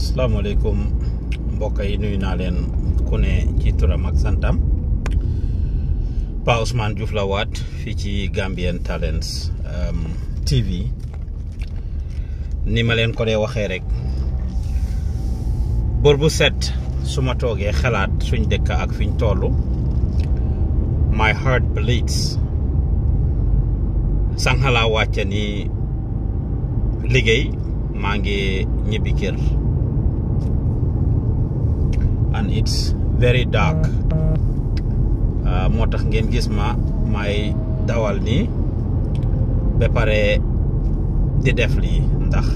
asalaamaaleykum mbokk yi nuyu naa leen ku ne ci turam ak santam Pa Ousmane Diouf la waat fii ci Gambian Talents um, TV ni ma leen ko dee waxee rek bor bu set su ma toogee xalaat suñ dëkk ak fiñ toll my heart bleeds sànq wàcce ni liggéey maa ngi ñibbi kër. and it's very dark ah, moo tax ngeen gis ma may dawal nii ba pare di def lii ndax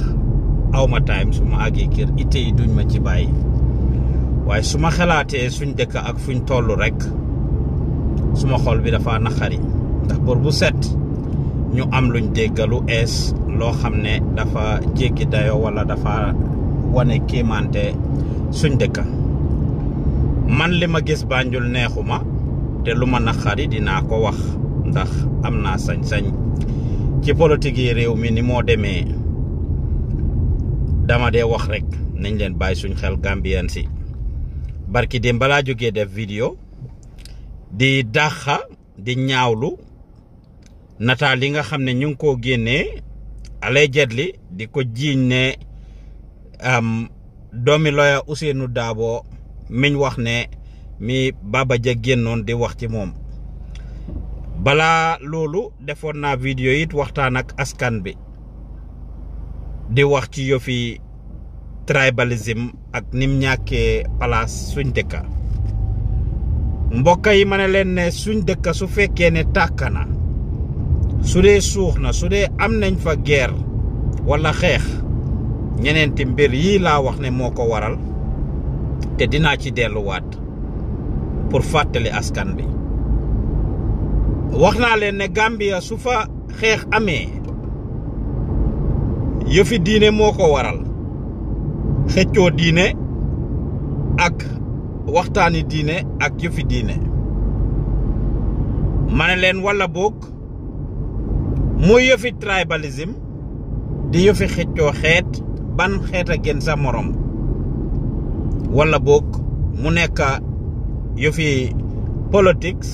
awma time su ma àggee kër itte yi duñ ma ci bàyyi waaye su ma xalaatee suñ dëkk ak fuñ tollu rekk suma xol bi dafa naqari ndax bor bu set ñu am luñ déggalu ees loo xam ne dafa jéggi dayo walla dafa wane kéemaante suñ dëkka man li ma gis Banjul neexuma te lu ma naqari dina ko wax ndax am na sañ-sañ ci politique réew mi ni moo demee dama dee wax rekk nañ leen bàyyi suñ xel Gambien si barki dem balaa jógee def vidéo di dàqa di ñaawlu nataal yi nga xam ne ñu ngi koo génnee li di ko jiiñ ne doomi lawyer Ousseynou Dabo miñ wax ne mi Baba Jah génnoon di wax ci moom balaa loolu defoon naa vidéo it waxtaan ak askan bi di wax ci yëfi tribalisme ak nim ñàkkee place suñ dëkka mbokk yi ma ne leen ne suñ dëkka su fekkee ne tàkk na su dee suux na su dee am nañ fa geer walla xeex ñeneenti mbir yii laa wax ne moo ko waral te dinaa ci delluwaat pour fàttali askan bi wax naa leen ne Gambia su fa xeex amee yëfi diine moo ko waral xëccoo diine ak waxtaani diine ak yëfi diine ma ne leen walla boog muy yëfi tribalisme di yëfi xëccoo xeet ban xeet a gën sa morom walla boog mu nekk yëfi politics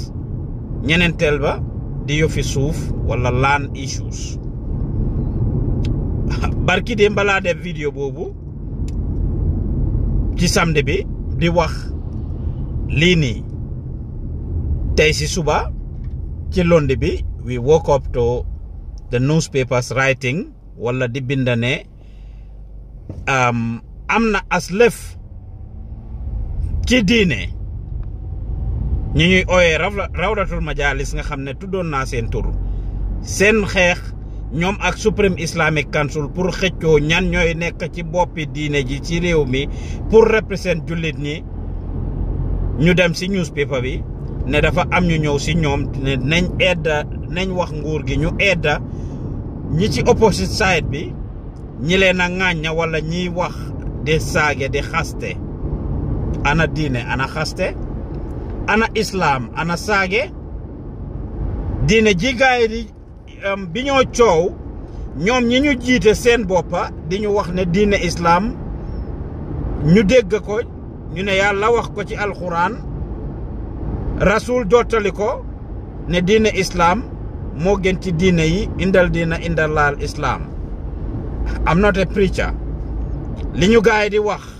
ñeneenteel ba di yëfi suuf wala land issues barki de mbalaa def vidéo boobu ci samedi bi di wax liini nii tey si suba ci Lundi bi wi woke up to the newspapers writing wala di bind ne um, am na as lëf ci diine ñu ñuy ooyee rawdatul majalis nga xam ne tuddoon naa seen tur seen xeex ñoom ak Supreme Islamic Council pour xëccoo ñan ñooy nekk ci boppi diine ji ci réew mi pour représenter jullit ñi ñu dem si newspaper bi ne dafa am ñu ñëw si ñoom ne nañ wax nguur gi ñu edda ñi ci opposite side bi ñi leen a ŋàñña wala ñiy wax di saage di xaste ana diine ana xaste ana islaam ana saage diine ji bi ñoo coow ñoom ñi ñu jiite seen boppa di ñu wax ne diine islaam ñu dégg ko ñu ne yàlla wax ko ci alxuraan rasul jottali ko ne diine islaam moo gën ci diine yi indal diina indal laal islaam am not a li ñu gaay di wax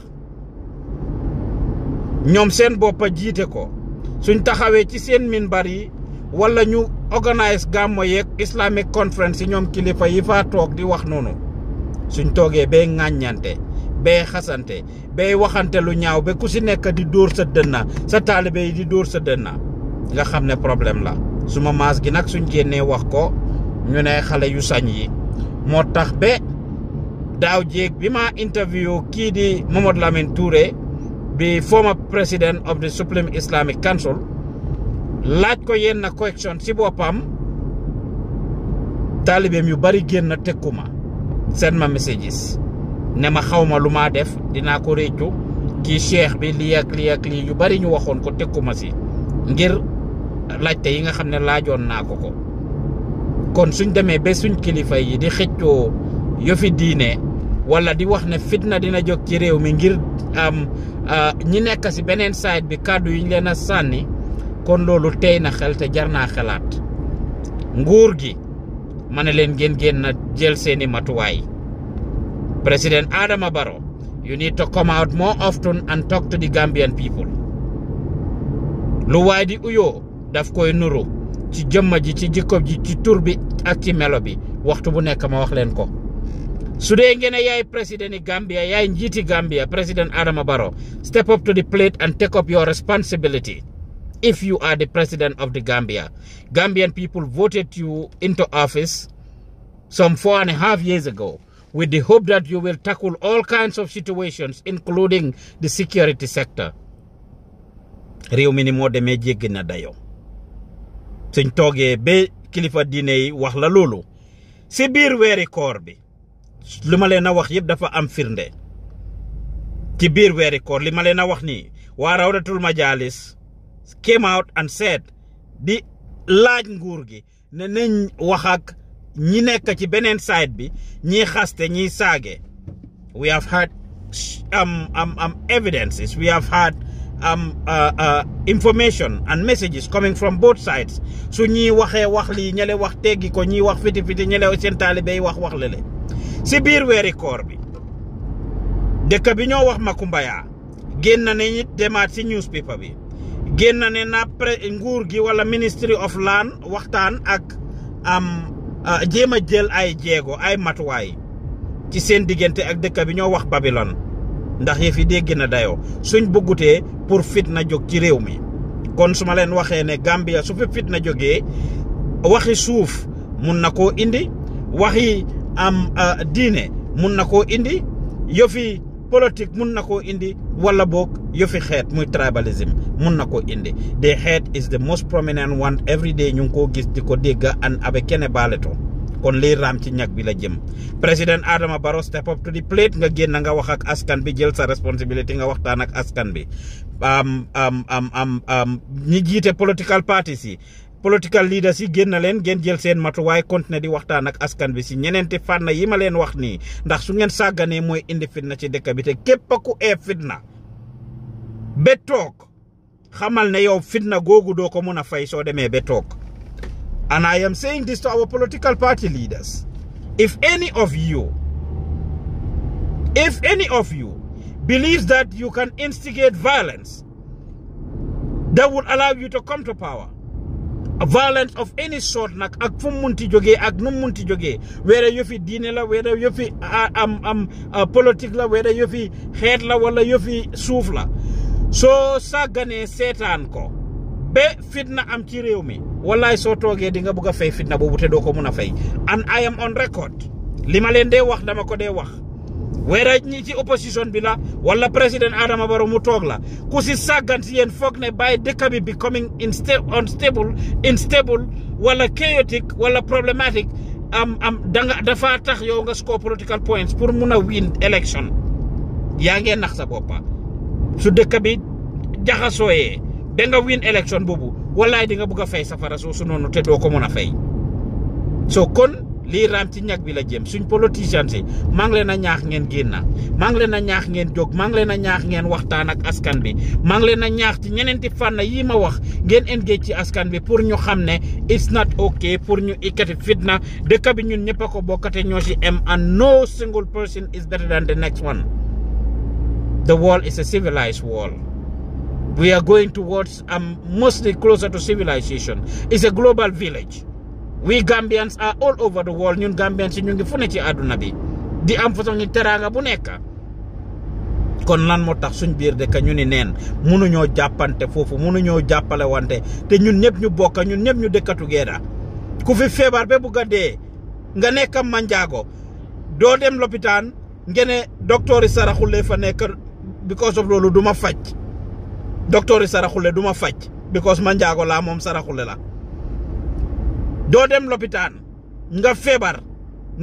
ñoom seen bopp jiite ko suñ taxawee ci seen minbar yi wala ñu organise gàmmo yeeg islamic conference yi ñoom kilifa yi faa toog di wax noonu suñ toogee bay ŋàññante bay xasante bay waxante lu ñaaw ba ku si nekk di dóor sa sa taalibe yi di dóor sa dënna nga xam ne problème la suma maas gi nag suñ génnee wax ko ñu ne xale yu sañ yi moo tax ba daaw jéeg bi ma interview kii di Mamadou Lamine Touré bi former president of the Supreme Islamic Council laaj ko yenn question ci boppam taalibeem yu bari génn tekkuma seen ma messages ne ma xawma lu maa def dinaa ko réccu kii cheikh bi lii ak lii yu bari ñu waxoon ko tekkuma si ngir laajte yi nga xam ne laajoon naa ko ko kon suñ demee ba suñ kilifa yi di xëccoo yëfi diine wala di wax ne fitna dina jog ci réew mi ngir am ñi nekk si beneen side bi kàddu yi ñu leen a sànni kon loolu tey na xel te jar naa xalaat nguur gi ma ne leen ngeen génn na jël seeni matuwaay président Adama Barrow you need to come out more often and talk to the Gambian people lu waay di uyoo daf koy nuru ci jëmma ji ci jikko ji ci tur bi ak ci melo bi waxtu bu nekk ma wax leen ko su dee président yi Gambia yaay Njiti Gambia président Adama Barrow step up to the plate and take up your responsibility if you are the president of the Gambia Gambian people voted you into office some four and a half years ago with the hope that you will tackle all kinds of situations including the security sector Rio mi ni moo demee jéggi na dayoo kilifa diine yi li ma leen a wax yëpp dafa am firnde ci biir weeri koor li ma leen a wax nii waa rawdatul majaalis came out and said di laaj nguur gi ne nañ wax ñi nekk ci beneen side bi ñiy xaste ñiy saage we have had am um, am um, am um, evidences we have had am uh, uh, information and messages coming from both sides su ñiy waxee wax lii ñele wax teggi ko ñiy wax fiti fiti ñele seen taalibe yi wax wax lele si biir weeri koor bi dëkk bi ñoo wax Makumba yaa génn ne nit demaat si newspaper bi génn ne na nguur gi wala ministry of land waxtaan ak am jéem a jël ay jéego ay matuwaay ci seen diggante ak dëkk bi ñoo wax Babylone ndax yëf yi dégg na dayoo suñ bëggutee pour fitna jóg ci réew mi kon su ma leen waxee ne Gambia su fi fitna jógee waxi suuf mun na koo indi waxi. am diine mun na koo indi yofi politique mun na koo indi wala book yofi xeet muy tribalism mun na ko indi de xeet is the most prominent one every day ñu ngi koo gis di ko dégg an abe kene baaleto kon lii raam ci ñag bi la jëm président Adama Barrow step up to the plate nga génn nga wax ak askan bi jël sa responsibility nga waxtaan ak askan bi am am am am ñi jiite political parties yi political leaders yi génn na leen ngeen jël seen matuwaay continuer di waxtaan ak askan bi si ñeneenti fànn yi ma leen wax nii ndax su ngeen sàgganee mooy indi fitna ci dëkk bi te képp ku ee fitna Betok, toog xamal ne yow fitna googu doo ko mun a fay soo demee ba and I am saying this to our political party leaders if any of you if any of you believes that you can instigate violence that would allow you to come to power violence of any sort nag ak fu mu munti jógee ak nu mu ti jógee wéera yëfi diine la wéera a ah, am am ah, politique la wéera yëfi xeet la wala yëfi suuf la soo sagganee seetaan ko ba fitna am ci réew mi wallaay soo toogee di nga bugg a fay fitna boobu te doo ko mun a fay and I am on record li ma leen dee wax dama ko dee wax weeraj ñi ci opposition bi la wala président Adama Barrow mu toog la ku si sàggan si yéen foog ne bàyyi dëkk bi becoming unstable instable wala chaotic wala problématique am am danga dafa tax yow nga score political points pour mun a wiin election yaa ngeen nax sa boppa su dëkk bi jaxasooyee da nga win election boobu wallaay di nga bugg a fay safara soo su noonu te doo ko mun a fay so kon lii raam ci ñag bi la jëm suñ politiciens yi maa ngi leen ñaax ngeen génn maa ngi leen ñaax ngeen jóg maa ngi leen ñaax ngeen waxtaan ak askan bi maa ngi leen ñaax ci ñeneenti fànn yii ma wax ngeen engage ci askan bi pour ñu xam it's not okay pour ñu ikkati fitna dëkk bi ñun ñëpp a ko bokkate ñoo ci am and no single person is better than the next one the world is a civilized world. We are going towards um, mostly closer to civilization. It's a global village. we Gambians are all over the world ñun Gambians yi ñu fu ne ci àdduna bi di am façon ñu teraanga bu nekk kon lan moo tax suñ biir dëkk ñu ni neen munuñoo jàppante foofu mënuñoo jàppale wante te ñun ñëpp ñu bokka ñun ñëpp ñu dëkkatu geeda ku fi feebar bee bu gaddee nga nekk manjaago doo dem lopitaan ngene docteur yi saraxule fa nekk because of loolu du ma faj docteur yi saraxule du ma faj because manjaago laa moom saraxule la doo dem lopitaan nga feebar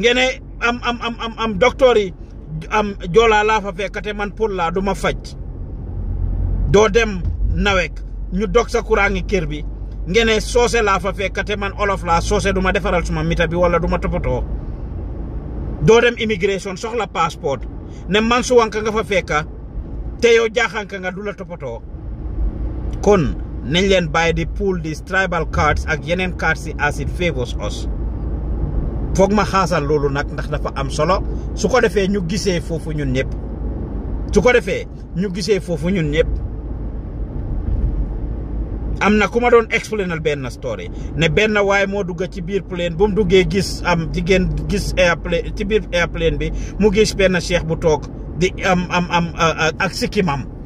ngene am am am am am docteur am joolaa laa fa fekkate man pour laa du ma faj doo dem nawek ñu dog sa kuraangi kër bi ngene soose laa fa fekkate man olof laa soose du ma defaral suma mita bi wala du ma toppatoo doo dem immigration soxla passeport ne man suwanka nga fa fekka te yow jaaxanka nga du la toppatoo kon nañ leen bàyyi di pull these tribal cards ak yeneen cards yi as it favours us foog ma xaasal loolu nag ndax dafa am solo su ko defee ñu gisee foofu ñun ñëpp su ko defee ñu gisee foofu ñun ñëpp am na ku ma doon explainal benn story ne benn waaye moo dugg ci biir plane bu mu duggee gis am jigéen gis airplane ci biir airplane bi mu gis benn cheikh bu toog di am am am ak sikkimam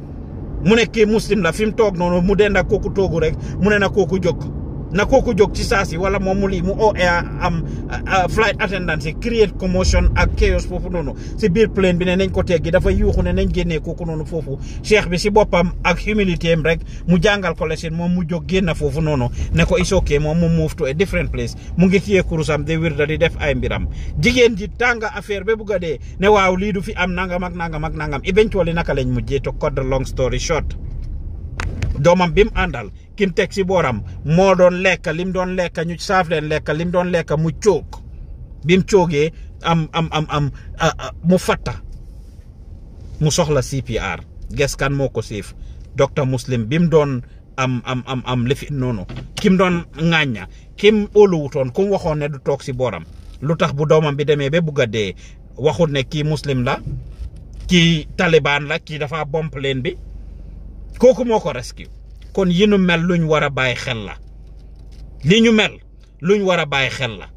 mu ne kii muslim la fi mu toog noonu mu dend ak kooku toogu rek mu ne na ku jóg na kooku jóg ci saasi wala moom mu lii mu oo am flight attendant si create commotion ak chaos foofu noonu si biir plane bi ne nañ ko teggi dafa yuuxu ne nañ génnee kooku noonu foofu cheikh bi si boppam ak humilité am rek mu jàngal ko lesin moom mu jog génna foofu noonu ne ko it's okay moom mu move to a different place mu ngi téye kurusam de wirda di def ay mbiram jigéen ji tàng affaire ba bugg a dee ne waaw lii du fi am nangam ak nangam ak nangam eventually naka lañ mujjee to cut the long story short doomam bi mu àndal kim teg ci booram moo doon lekka lim doon lekka ñu saaf leen lekka lim doon lekka mu coog bim coogee am am am am mu fatta mu soxla CPR geskan moo ko siif docteur Muslim bim doon am am am am lifi noonu kim doon ŋàñña kim óoluwutoon ku waxoon ne du toog si booram lu tax bu doomam bi demee ba bugg a dee waxut ne kii muslim la kii talibaan la kii dafa bomp leen bi kooku moo ko rescue kon yi nu mel luñ war a bàyyi xel la li ñu mel luñ war a bàyyi xel la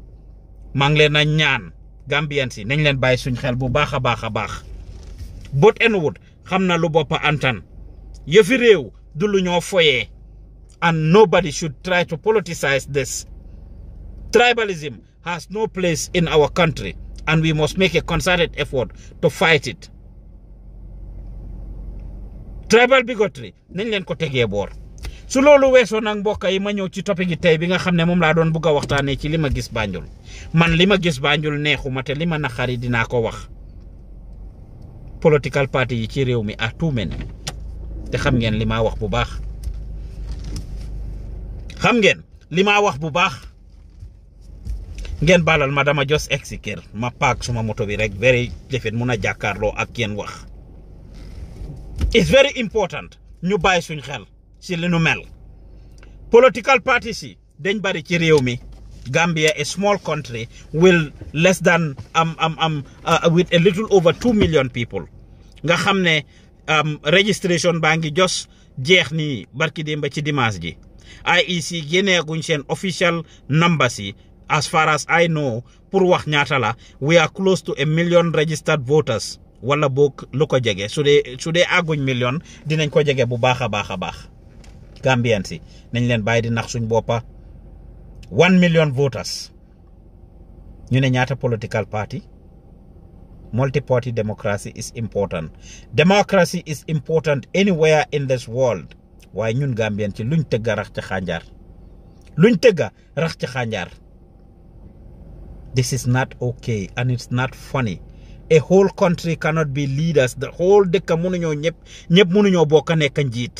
maa ngi leen a ñaan gambien si nañ leen bàyyi suñ xel bu baax a baax a baax bot enwut xam na lu bopp antan yëfi réew du lu ñoo foyee and nobody should try to politicize this tribalism has no place in our country and we must make a concerted effort to fight it nañ leen ko tegee boor su lolou weesoo nak mbokk yi ma ñëw ci topic gi tay bi nga xamne ne la doon bëgg waxtane ci lima gis Banjul man lima gis Banjul neexuma te lima ma naqari ko wax political party yi ci rew mi a tout men te xam ngeen lima bubah, wax bu baax xam ngeen lima wax bu baax ngeen balal ma dama jos exiker ma pak suma moto bi rek very defet muna jakarlo lo ak yéen wax it's very important ñu bay suñ xel ci li nu mel political parties yi dañ bari ci réew mi Gambia a small country will less than um, um, um, uh, with a little over 2 million people nga xamne um, registration bangi jos jeex ni barki démba ci dimanche ji IEC génneeguñ sen official numbers yi as far as I know pour wax ñaata la we are close to a million registered voters wala bok lu ko jege su dee su million dinañ ko jégué bu baaxa baaxa baax Gambien si nañ leen bàyyi di nax suñ boppa wan million voters ñu ne ñaata political party multi party democracy is important democracy is important anywhere in this world waaye ñun Gambien ci luñ tëgga rax ci xànjaar luñ tëgga rax ci xànjaar this is not okay and it's not funny a whole country cannot be leaders the whole dëkk mënuñoo ñëpp ñëpp mënuñoo bokk nekk njiit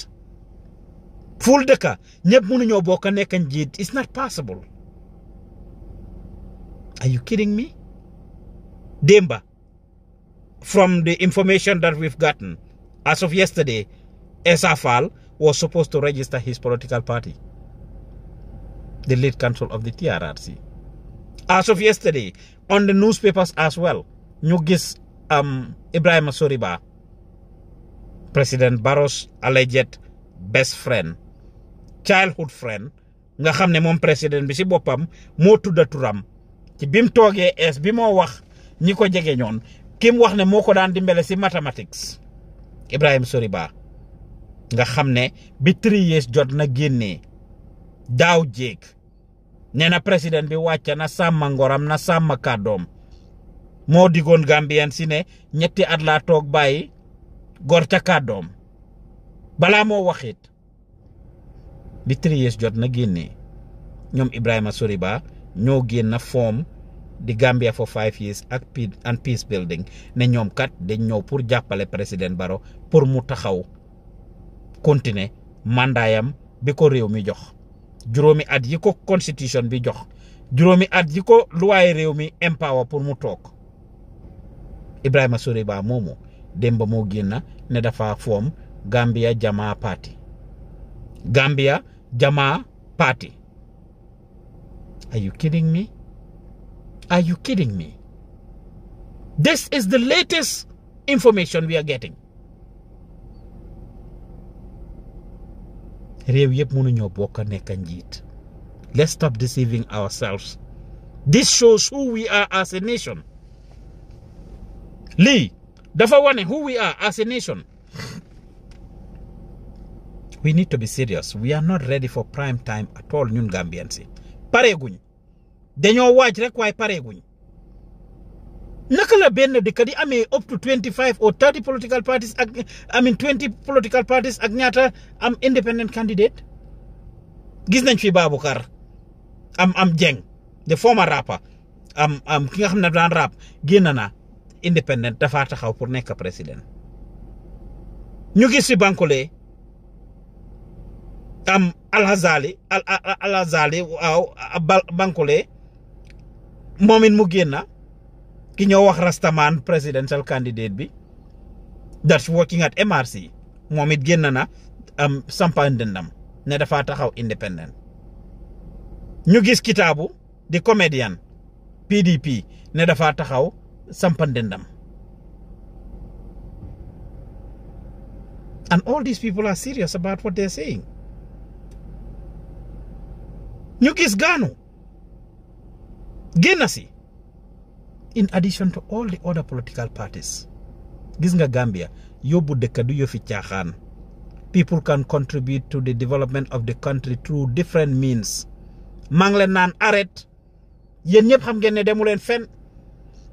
ful deka, ñëpp mënuñoo bokk nekk njiit it's not possible are you kidding me démba from the information that we've gotten as of yesterday Esafal was supposed to register his political party the lead council of the TRRC as of yesterday on the newspapers as well ñu gis um, Ibrahima Soriba President Barros' alleged best friend childhood friend nga xamne mom president bi ci bopam mo tudda turam ci bim toge es bi mo wax ñi ko jégué ñoon kim wax ne moko daan ci mathematics Ibrahim soriba Ba nga xamne bi triyes jot na génné daw jéeg nee na président bi wàcca na sàmma ngoram na sàmma kadom mo digon Gambien ci né ñetti at la tok gor ca kadom bala mo waxit bi three years jot na génnee ñoom Ibrahima Soriba ñoo génn foom di Gambia for years ak peace and peace building ne ñoom kat dañ ñëw pour jàppale président baro pour mu taxaw continuer mandaayam bi ko réew mi jox juróomi at yi ko constitution bi jox juróomi at yi ko luwaaye réew mi empower pour mu toog Ibrahima Soriba moomu démb moo génn ne dafa foom Gambia Jamaa Party Gambia Jamaa Party. Are you kidding me? Are you kidding me? This is the latest information we are getting. let's stop deceiving ourselves this shows who we are as a nation Lee, dafa one, who we are as a nation we need to be serious we are not ready for prime time at all ñun Gambien si pareeguñ dañoo waaj rek waaye pareeguñ naka la benn dëkk di ame up to twenty five or thirty political parties ak ñaata am independent candidate gis nañ fi kar am am Jeng the former rapper am am ki nga xam ne daan rap génn na independent dafa taxaw pour nekk président ñu gis fi kam hazali al alhazali waaw bankole momin mu genna ki ñoo wax rastaman presidential candidate bi that's working at MRC momit genna na am sampa ndendam ne dafa taxaw independent ñu gis kitabu di comedian PDP ne dafa taxaw sampa ndendam and all these people are serious about what they're saying ñu gis gaanu génn si in addition to all the other political parties gis nga Gambia yóbbu dëkk du yëfi caaxaan people can contribute to the development of the country through different means maa ngi leen naan arrête yéen ñëpp xam ngeen ne demu leen fenn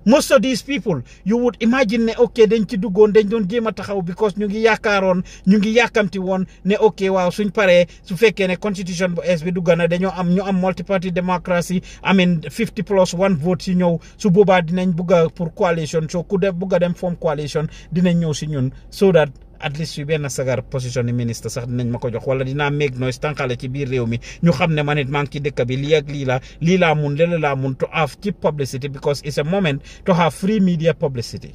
most of these people you would imagine ne ok dañ ci duggoon dañ doon jéem a taxaw because ñu ngi yaakaaroon ñu ngi yàkkamti woon ne ok waaw suñ pare su fekkee ne constitution bu es bi dugg na dañoo am ñu am multiparty democracy I mean fifty plus one vote si ñëw su boobaa dinañ bugg a pour coalition so ku def bugg a dem form coalition dinañ ñëw si ñun so that at least bi benn sagar position ni sax dinañ ma jox wala dinaa make noise tànqale ci biir réew mi ñu xam ne man it maa bi lii ak lii la lii laa mun lële laa mun to have cheap publicity because it's a moment to have free media publicity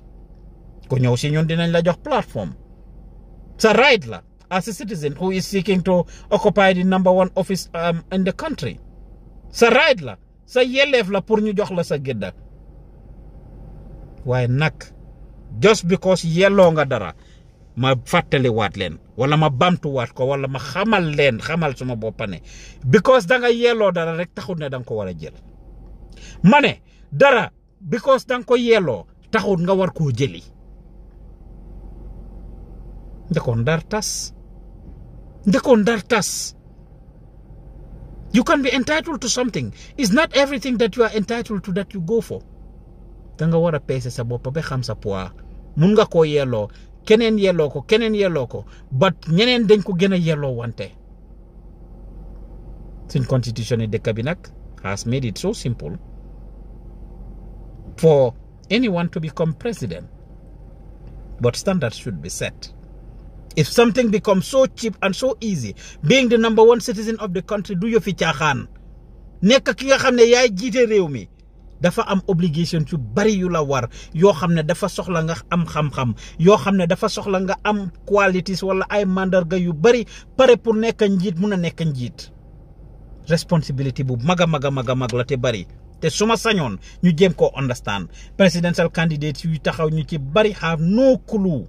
ku ñëw si ñun dinañ la jox platform sa right la as a citizen who is seeking to occupy the number one office um, in the country sa right la sa yelleef la pour ñu jox la sa gédda waaye nag just because yelloo nga dara ma wat wadlen wala ma wat ko wala ma xamal len xamal suma bopane because da nga yelo dara rek taxut ne dang ko wara jël mané dara because dang ko yelo taxut nga war ko jëli dar tas dar tas you can be entitled to something is not everything that you are entitled to that you go for da nga wara a sa bop ba xam sa poids mun nga ko yelo keneen yelloo ko keneen yelloo ko but ñeneen dañ ko gën a yelloo wante suñ constitution yi The cabinet has made it so simple for anyone to become president but standards should be set if something becomes so cheap and so easy being the number one citizen of the country you yëfi caaxaan nekk ki nga xam ne yaay jiite réew mi dafa am obligation yu bari yu la war yoo xam ne dafa soxla nga am xam-xam yoo xam ne dafa soxla nga am qualities wala ay màndarga yu bari pare pour nekk njiit mun a nekk njiit responsibility bu mag a mag a mag a mag la te bari te su ma sañoon ñu jéem koo understand presidential candidates yu taxaw ñu ci bari have nook lu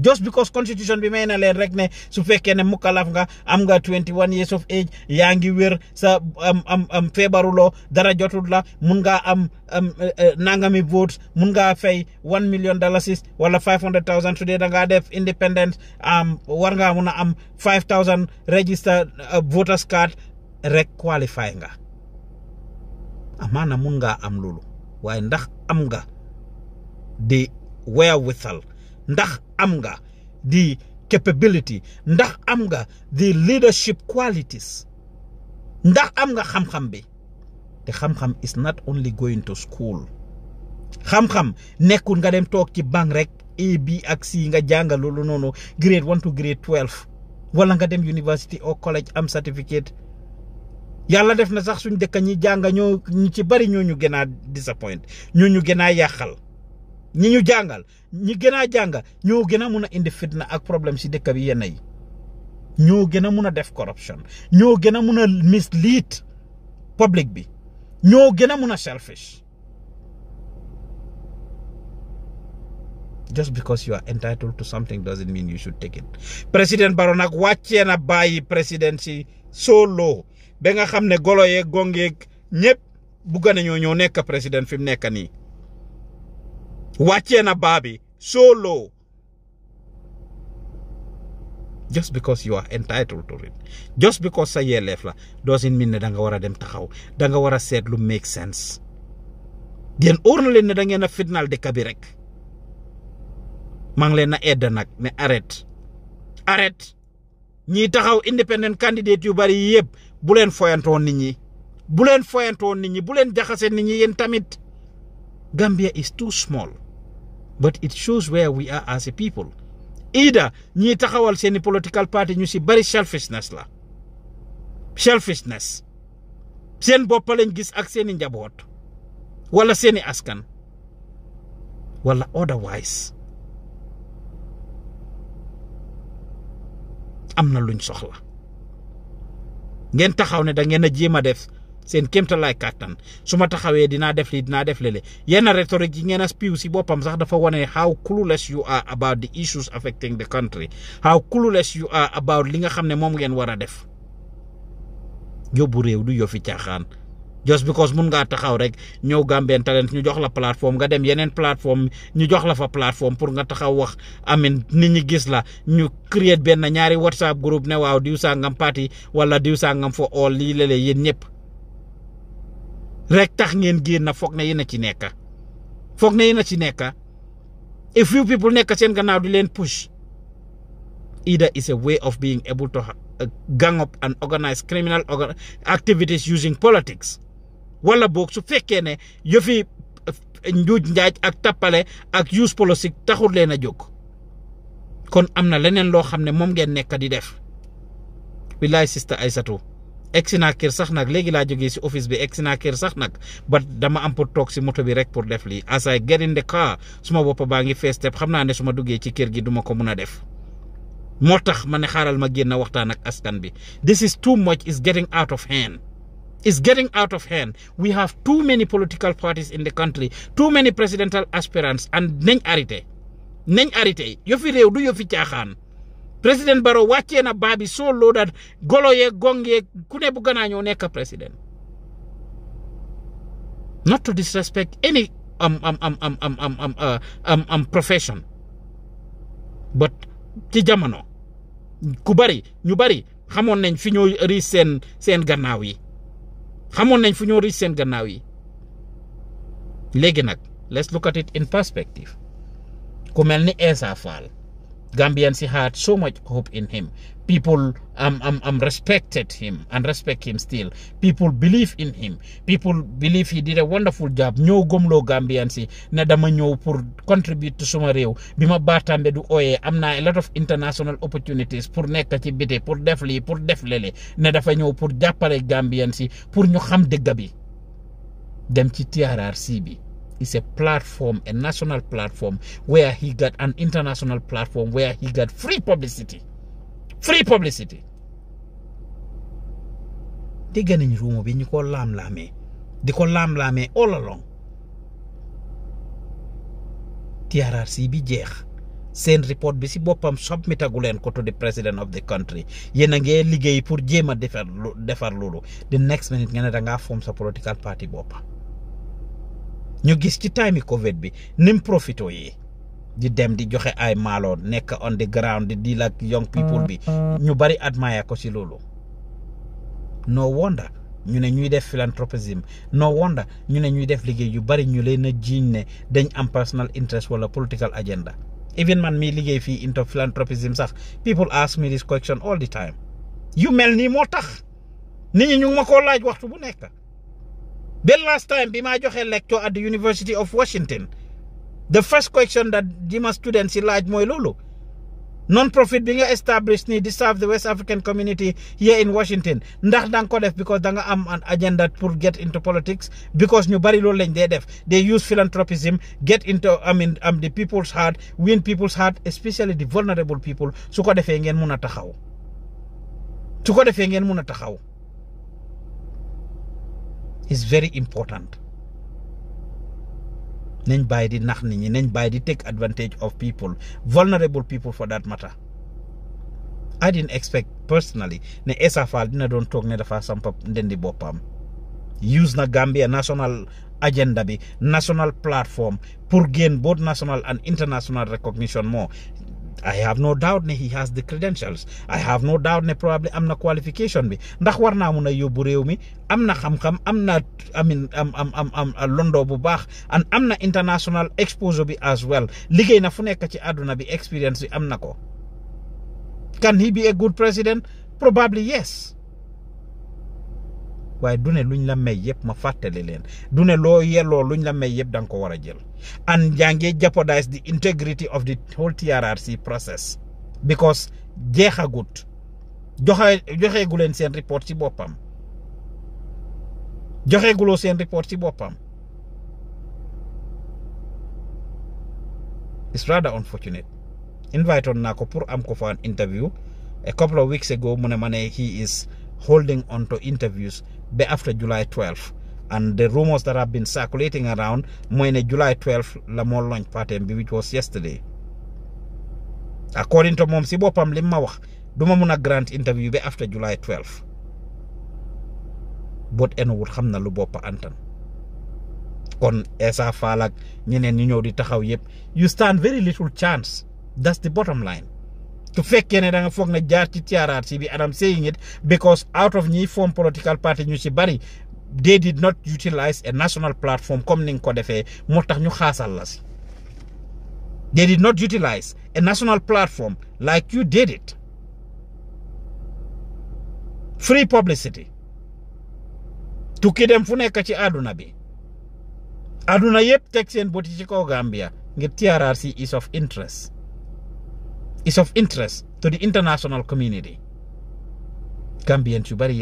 just because constitution bi may na leen rek ne su fekkee ne mukkalaf nga am nga 21 years of age yaa ngi wér sa am am am dara jotul la mun ngaa am e, e, nangami votes mun ngaa fay wan million dollars wala five hundred thousand su dee da ngaa def independent am war ngaa mun a am five thousand register e, voters card rek qualify nga amaana mun ngaa am loolu waaye ndax am nga di wherewithal ndax am nga di capability ndax am nga di leadership qualities ndax am nga xam-xam bi te xam-xam is not only going to school xam-xam nekkul nga dem toog ci bank rek A B ak C nga jàngal lu noonu grade one to grade wala nga dem university or college am certificate yàlla def na sax suñ dëkk ñi jàng ñoo ñu ci bari ñoo ñu gën a disappoint ñoo ñu gën a yàqal. ñi ñu jangal ñi gëna a ñu gëna mëna indi fitna ak problème si dëkk bi yenn yi ñu gëna mëna def corruption ñu gëna mëna mislead public bi ñu gëna mëna selfish just because you are entitled to something doesn't mean you should take it President baron ak wacce na bayyi presidency so low nga xamne ne golo yeeg gong yeeg ñëpp bugga nañoo nekk president fim nekk Wache na solo. just because you are entitled to it just because sa left la doesn't mean na danga wara dem takaw. Danga wara said lu make sense Dien urun na danga na fitnal de kabirek. Mang na edanak rek ne aret. Aret. Nyi takaw independent candidate yu bari yeb. Bulen leen foyantoon Bulen ñi bu Bulen jakase nit yen tamit Gambia is too small but it shows where we are as a people either ñi taxawal seen political party ñu si bari selfishness la selfishness seen bopp lañ gis ak seen njaboot wala seen askan wala otherwise amna luñ soxla ngeen taxaw ne da ngeen a jéem a def seen kéemtalaay kàttan su ma taxawee dinaa def lii dinaa def lele yenn rhétorique yi ngeen a spiw si boppam sax dafa wane how clueless you are about the issues affecting the country how clueless you are about li nga xam ne moom ngeen war a def yóbbu réew du yofi caaxaan just because mun ngaa taxaw rek ñëw Gambian Talents ñu jox la plateforme nga dem yeneen plateforme ñu jox la fa plateforme pour nga taxaw wax amin nit ñi gis la ñu create benn ñaari whatsapp group ne waaw diw sangam parti wala diw sangam for all lii léeg-léeg yéen ñëpp. rek tax ngeen génn foog na yéen a ci nekk foog na yéen a ci nekk a few people nekk seen gannaaw di leen push either is a way of being able to uh, gang up and organize criminal activities using politics wala book su fekkee ne yëfi uh, njuuj njaaj ak tappale ak use politique taxul leen a jóg kon am na leneen loo xam ne moom ngeen nekk di def billaay sista Aysatu si naa kër sax nag léegi laa joge si office bi egsi naa kër sax nag ba dama am pour toog si moto bi rek pour def lii as I get in the car suma boppa baa ngi fees tepp xam na ne su ma duggee ci kër gi duma ko mun a def moo tax ma ne xaaral ma génn waxtaan ak askan bi this is too much is getting out of hand is getting out of hand we have too many political parties in the country too many presidential aspirants and nañ arrêté nañ arrêté yëfi réew du yëfi caaxaan président Barrow wàccee na baabi soo loo daal golo yeeg gong yeeg ku ne bu ganaa ñoo nekk président not to disrespect any am am uh, am am profession but ci jamono ku bari ñu bari xamoon nañ fi ñoo riis seen gannaaw yi xamoon nañ fi ñoo riis seen gannaaw yi léegi nag let's look at it in perspective ku mel ni Essa Faal Gambians had so much hope in him. People um, um, um, respected him and respect him still. People believe in him. People believe he did a wonderful job. ñoo gomloo Gambians yi ne dama ñëw pour contribute to suma réew bi ma baatande du ooyee am naa a lot of international opportunities pour nekk ci biti pour def lii pour def lele ne dafa ñëw pour jàppale Gambians yi pour ñu xam dëgg bi dem ci TRRC bi. is a platform, a national platform, where he got an international platform, where he got free publicity. Free publicity. dégg nañ ruumo bi you call Lam Lame. They call Lam Lame all along TRRC bi jeex report bi si boppam submit agulen ko to the president of the country yéen a ngee liggéey pour jema defar defar lolu the next minute ngena da nga form sa political party bopam ñu gis ci time yi Covid bi nim profito yi di dem di joxe ay maaloo nekk on the ground di deal ak young people bi mm-hmm. ñu bari admire ko ci loolu no wonder ñu ne ñuy def philanthropism no wonder ñu ne ñuy def liggéey yu bari ñu leen a jiiñ ne dañ am personal interest wala political agenda even man mii liggéey fii into philanthropism sax people ask me this question all the time yu mel nii moo tax nit ñi ñu ngi ma koo laaj waxtu bu nekk the last time Bima maa joxe lecture at the University of Washington the first question that Dima students yi laaj non profit bi nga establish nii di serve the West African community here in Washington ndax danga ko def because danga am an agenda pour get into politics because ñu bari loolu lañ def they use philanthropism get into I mean am um, the people's heart win people's heart especially the vulnerable people su ko defee ngeen mun taxaw su ko ngeen taxaw is very important nañ bàyyi di nax ni ñi nañ bàyyi di take advantage of people vulnerable people for that matter I didn't expect personally ne Essa Faal dina doon toog ne dafa sampa ndendi boppam use na Gambia national agenda bi national platform pour gain boot national and international recognition moo I have no doubt ne he has the credentials I have no doubt ne probably am na qualification bi ndax war naa mun a yóbbu réew mi am na xam-xam am na amin am am londo bu baax and am na international exposure bi as well liggéey na fu nekk ci àdduna bi experience bi am na ko can he be a good president probably yes waaye du ne luñ la may yëpp ma fàttali leen du ne loo yelloo luñ la may yëpp da nga ko war a jël and yaa ngi jeopardize the integrity of the whole TRRC process because jeexagut joxe joxeegu leen seen report ci boppam joxeeguloo seen report ci boppam it's rather unfortunate invite on naa ko pour am ko fa an interview a couple of weeks ago mu ne ma ne he is holding on to interviews after July 12. And the rumors that have been circulating around, Mwene July 12, Lamor launch party, which was yesterday. According ma wax Sibopam Limawak, Dumamuna grant interview be after July 12. But Enwood Hamna Lubopa Anton. kon Essa Faal ak ñeneen ñi ñëw di taxaw yëpp you stand very little chance that's the bottom line Tu fekke ne da nga foog jaar ci tiaraat si bi and I'm saying it because out of ñi form political party ñu ci bari they did not utilize a national platform comme ning ko defé motax ñu xassal la they did not utilize a national platform like you did it free publicity ki dem fu nekk ci aduna bi aduna yeb tek sen boti ci ko Gambia ngir TRRC is of interest is of interest to the international community. Gambian yu bari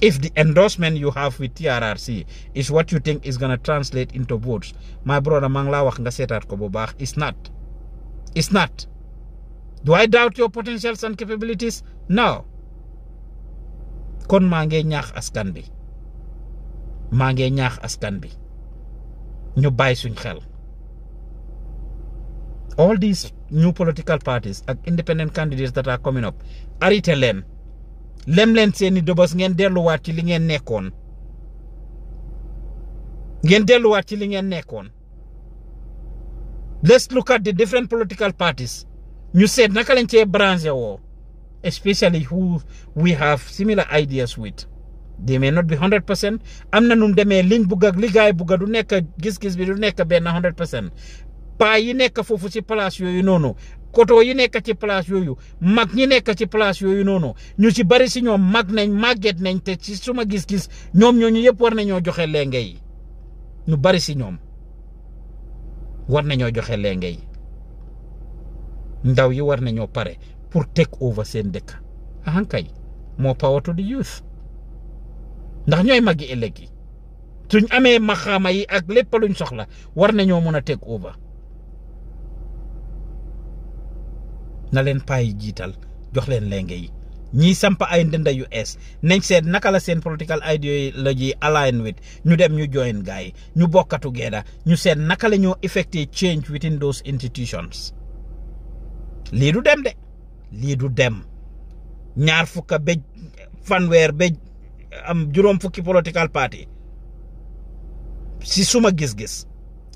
if the endorsement you have with TRRC is what you think is gonna translate into votes my brother Mangla ngi laa wax nga ko bu baax it's not it's not do I doubt your potentials and capabilities no kon maa ngi ñaax askan bi maa ngi ñaax askan bi ñu bay suñ xel all these new political paatis ak independent candidates that are coming up arrêté leen lem leen seeni dëbës ngeen delluwaat ci li ngeen nekkoon ngeen delluwaat ci li ngeen nekkoon let's look at the different political parties ñu seet naka lañ cee branché woo especially who we have similar ideas with they may not be hundred percent am na nu demee liñ bugg ak li gaay bugg du nekk gis-gis bi du nekk benn hundred paa yi nekk foofu ci place yooyu noonu koto yi nekk ci place yooyu mag ñi nekk ci place yooyu noonu ñu si bari si ñoom mag nañ màgget nañ te ci suma gis-gis ñoom ñooñu yëpp war nañoo joxe lenge yi ñu bari si ñoom war nañoo joxe lenge yi ndaw yi war nañoo pare pour take over seen dëkk ahankay moo power to the youth ndax ñooy màggi ëllëg yi suñ amee maxaama yi ak lépp luñ soxla war nañoo mun a take over na len pay jital jox len lengue yi ñi samp ay ndenda yu es nañ naka la seen political ideology align with ñu dem ñu join gaay ñu bokkatu geeda ñu seet naka la ñoo effect change within those institutions li du dem de li du dem ñaar fukka be fanwer be am juróom fukki political party si suma gis-gis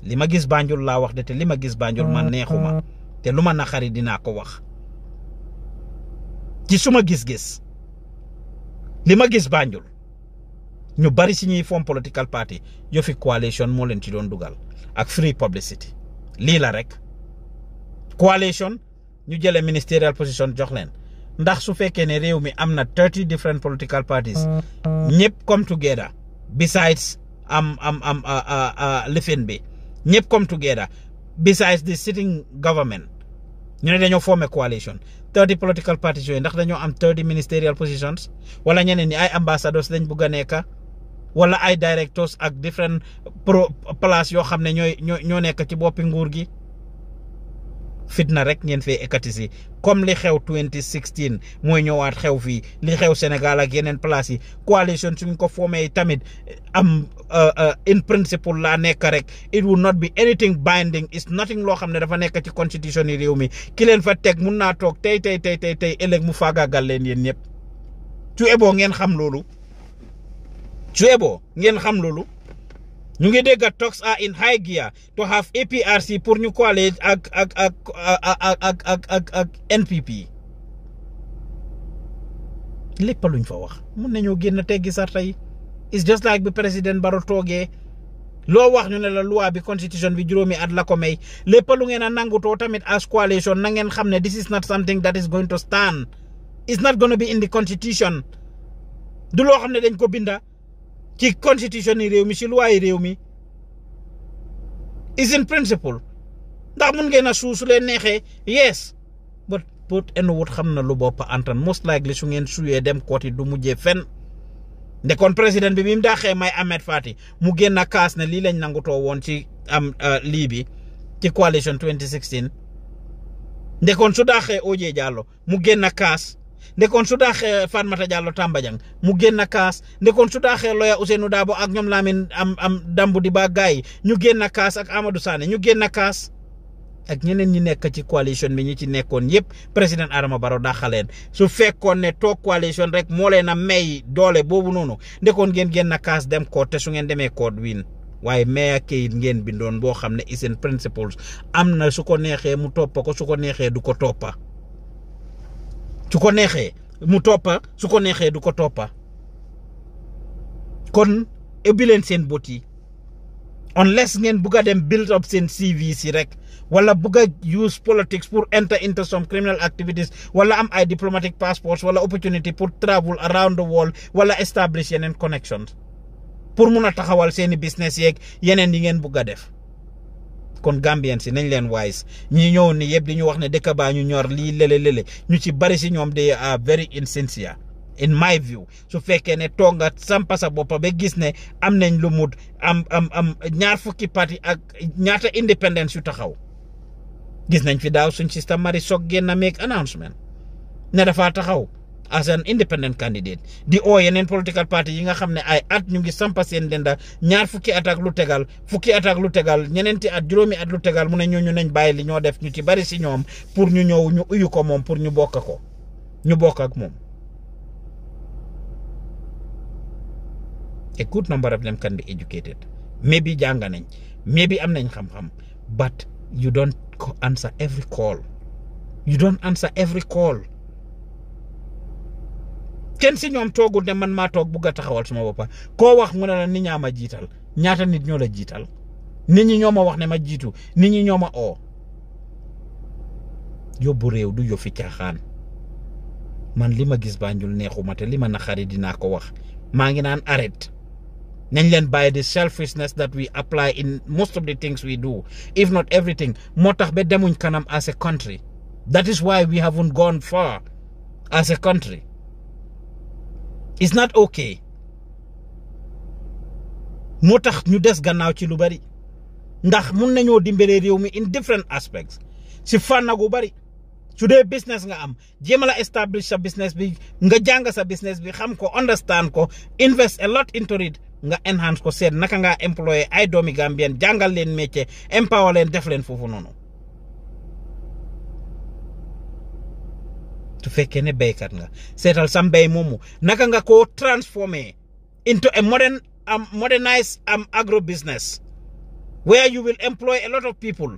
lima gis Banjul la wax de te lima gis Banjul man neexuma te luma naxari dina ko wax ci ma gis-gis li ma gis Banjul ñu bari si ñuy form political party yofi coalition moo leen ci doon dugal ak free publicity lii la rek coalition ñu jëlee ministerial position jox leen ndax su fekkee ne réew mi am na thirty different political parties ñëpp come together besides am am am lifin bi ñëpp come together besides the sitting government ñu ne dañoo former coalition thirty political parties yooyu ndax dañoo am thirty ministerial positions wala ñeneen ñi ay ambassadors dañ bugg a nekk wala ay directors ak different pro place yoo xam ne ñooy ñoo ñoo nekk ci boppi nguur gi fitna rek ngeen fee ekkati si comme li xew 2016 mooy ñëwaat xew fii li xew Sénégal ak yeneen place yi coalition suñ ko formé tamit am euh, euh, in principle laa nekk rek it will not be anything binding is nothing loo xam ne dafa nekk ci constitution yi réew mi ki leen fa teg mun naa toog tey tey tey tey tey ëllëg mu faagaagal leen yéen ñëpp su eboo ngeen xam loolu su eboo ngeen xam loolu. ñu ngi dégg talks are in high gear to have APRC pour ñu coalesce ak ak ak ak ak ak ak NPP lépp luñ fa wax mun nañoo génna teggi sarta yi it's just like bi président Barrow toogee loo wax ñu ne la loi bi constitution bi juróomi at la ko may lu ngeen a nangutoo tamit as coalition na ngeen xam ne this is not something that is going to stand it's not going to be in the constitution du loo xam ne dañ ko binda ci constitution yi réew mi si loi yi réew mi is in principle ndax mun ngeen a suu su leen neexee yes but but Enward xam na lu bopp antan most likely su ngeen suyee dem kooti du mujjee fen nde kon président bi bi mu daaxee may Ahmed Fatty mu génn a kaas ne lii lañ nangutoo woon ci am euh, lii bi ci coalition 2016 nde kon su daaxee OJ Jallow mu génn a kaas ndekoon su daaxee Fatmata Jallow Tambajang mu génn kaas ndekoon su daaxee lawyer Ousseynou Dabo ak ñoom Lamin am am dambu di ba gars yi ñu génn kaas ak Amadou Sané ñu génn kaas ak ñeneen ñi nekk ci coalition bi ñi ci nekkoon yépp président Adama Barrow dàqaleen su fekkoon ne toog coalition rek moo leen a may doole boobu noonu ndekoon ngeen génn kaas dem ko te su ngeen demee koot win waaye maire kayit ngeen bindoon boo xam ne is in am na su ko neexee mu toppa ko su ko neexee du ko toppa su ko neexee mu toppa su ko neexee du ko toppa kon ubbi leen seen bët yi unless ngeen bugg a dem build seen CV si rek wala bugg a use politics pour enter into some criminal activities wala am ay diplomatic passports wala opportunity pour travel around the world wala establish yeneen connections pour mun a taxawal seeni business yeeg yeneen yi ngeen bugg a def kon Gambien si nañ leen wise ñi ñëw ni yëpp di ñu wax ne dëkk baa ñu ñor lii lële lële ñu ci bari si ñoom they are very insincere in my view su fekkee ne toog nga sampa sa bopp ba gis ne am nañ lu mut am am am ñaar fukki parti ak ñaata indépendance yu taxaw gis nañ fi daaw suñ système mari soog génn make announcement ne dafa taxaw as an independent candidate di oo yeneen political party yi nga xam ne ay at ñu ngi sampa seen denda ñaar fukki at ak lu tegal fukki at ak lu tegal ñeneen ñeneenti at juróomi at lu tegal mu ne ñooñu nañ bàyyi li ñoo def ñu ci bari si ñoom pour ñu ñëw ñu uyu ko moom pour ñu bokk ko ñu bokk ak moom. a good number of them can be educated maybe jàng nañ bi am nañ xam-xam but you don't answer every call you don't answer every call. ken si ñom togu ne man ma tok bu ga taxawal suma bop ko wax mu ne la nit ñama jital ñaata nit ñola jital nit ñi ñoma wax ne ma jitu nit ñi ñoma o yo bu rew du yo fi caaxaan man lima gis Banjul neexuma te li ma naqari dinaa ko wax ma ngi naan arrête nañ len bàyyi the selfishness that we apply in most of the things we do if not everything motax be demuñ kanam as a country that is why we haven't gone far as a country is not okay moo tax ñu des gannaaw ci lu bari ndax mun nañoo dimbale réew mi in different aspects si fànn gu bari su dee business nga am jéem a la establish sa business bi nga jàng sa business bi xam ko understand ko invest a lot into nga enhance ko seet naka nga employé ay doomi Gambien jàngal leen métier empower leen def leen foofu noonu. su fekkee ne béykat nga seetal sa mbéy moomu naka nga transformer into a modern um, modernized um, agro business where you will employ a lot of people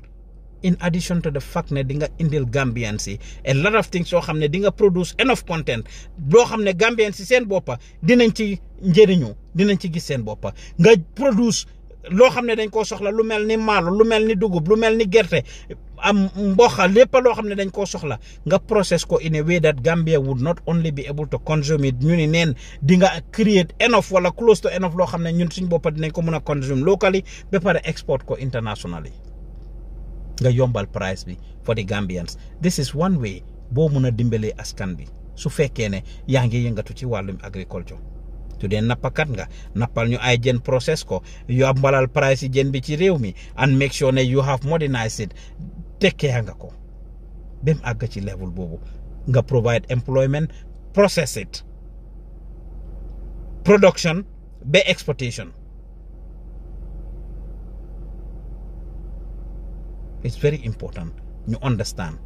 in addition to the fact ne dinga indil Gambians a lot of things so xamne dinga produce enough content bo xamne ne Gambians sen bopa dinañ ci njeriñu dinañ ci gis sen bopa nga produce lo xamne dañ ko soxla lu mel ni lu mel ni dugub lu mel ni gerte am mboxa lépp loo xam ne dañ koo soxla nga process ko in a way that Gambia would not only be able to consume it ñu ni neen di nga create enough wala close to enough loo xam ne ñun suñ boppa dinañ ko mën a consume locally ba pare export ko internationally nga yombal price bi for the Gambians this is one way boo mën a dimbalee askan bi su fekkee ne yaa ngi yëngatu ci wàllum agriculture su dee nappakat nga nappal ñu ay jën process ko yombalal price yi jën bi ci réew mi and make sure ne tekkee nga ko ba mu àgg ci level boobu nga provide employment process it production ba exportation it's very important ñu understand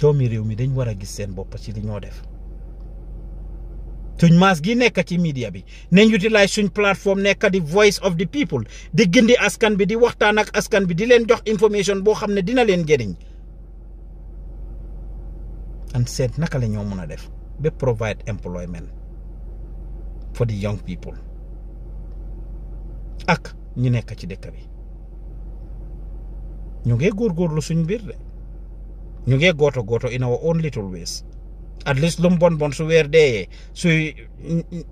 doomi réew mi dañ war a gis seen bopp ci li ñoo def suñ mas gi nekk ci media bi nañ utilize suñ plateforme nekk di voice of the people di gindi askan bi di waxtaan ak askan bi di leen jox information bo xamne ne dina leen jëriñ an set naka la ñoo mëna def be provide employment for the young people ak ñu nekk ci dekk bi ñu gur lu suñ bir de ñu ngee goto goto in our own little ways at least lum bon bon su wer de su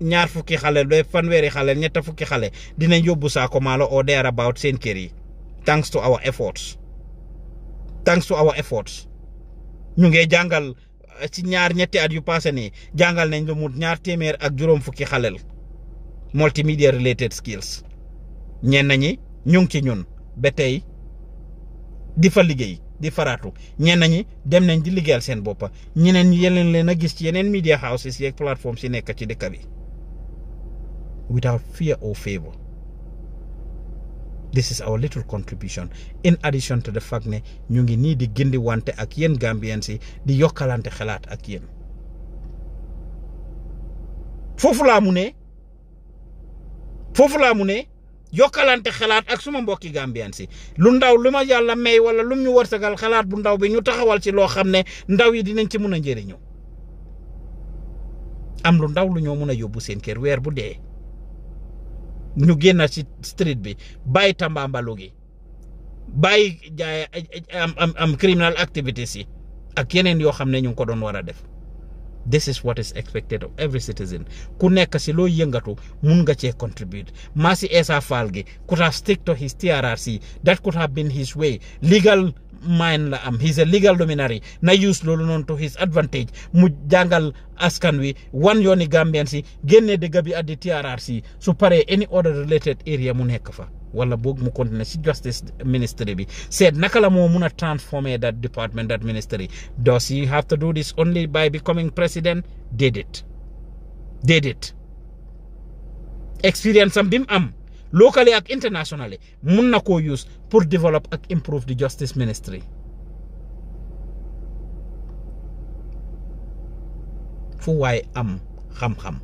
ñaar fukki xale fan fanweeri xalé ñetta fukki xalé dinañ sa ko o about sen keri thanks to our efforts thanks to our efforts ñu ngi jangal eh, ci ñaar ñetti at yu passé temer jangal nañ lu mu ñaar témèr ak juroom fukki xalé multimedia related skills ñen nañi ñu ngi ci ñun betay difa liggéey di faraatu ñenn nañu dem nañ di liggéeyal seen boppa ñeneen ñi yeneen leen a gis ci yeneen media houses yeeg plateforme si nekk ci dëkk bi without fear or favour this is our little contribution in addition to the fact ne ñu ngi nii di gindi wante ak yéen Gambien si di yokkalante xalaat ak yéen foofu laa mu ne foofu laa mu ne yokkalante xalaat ak suma mbokki gambien si lu ndaw lu ma yàlla may wala lu ñu wërsëgal xalaat bu ndaw bi ñu taxawal ci loo xam ne ndaw yi dinañ ci mun a njëriñu am lu ndaw lu ñoo mun a yóbbu seen kër weer bu dee ñu génn ci strit bi bàyyi tambaambalu gi bàyyi jaay am am criminal activities yi ak yeneen yoo xam ne ñu ngi ko doon war a def this is what is expected of every citizen ku nekk si loo yëngatu mun nga cee contribute maa si Essa Faal gi could have stick to his TRRC that could have been his way legal mind la am he's a legal luminary na use loolu noon to his advantage mu jàngal askan wi wan yooni Gambian si génne dëgg bi a di TRRC su pare any other related area mu nekk fa wala boog mu continuer si justice ministry bi seet naka la moo mun a transformer that department that ministry does he have to do this only by becoming president déedéet déedéet expérience am bi mu am locally ak internationally mun na ko use pour develop ak improve the justice ministry fu waay am xam-xam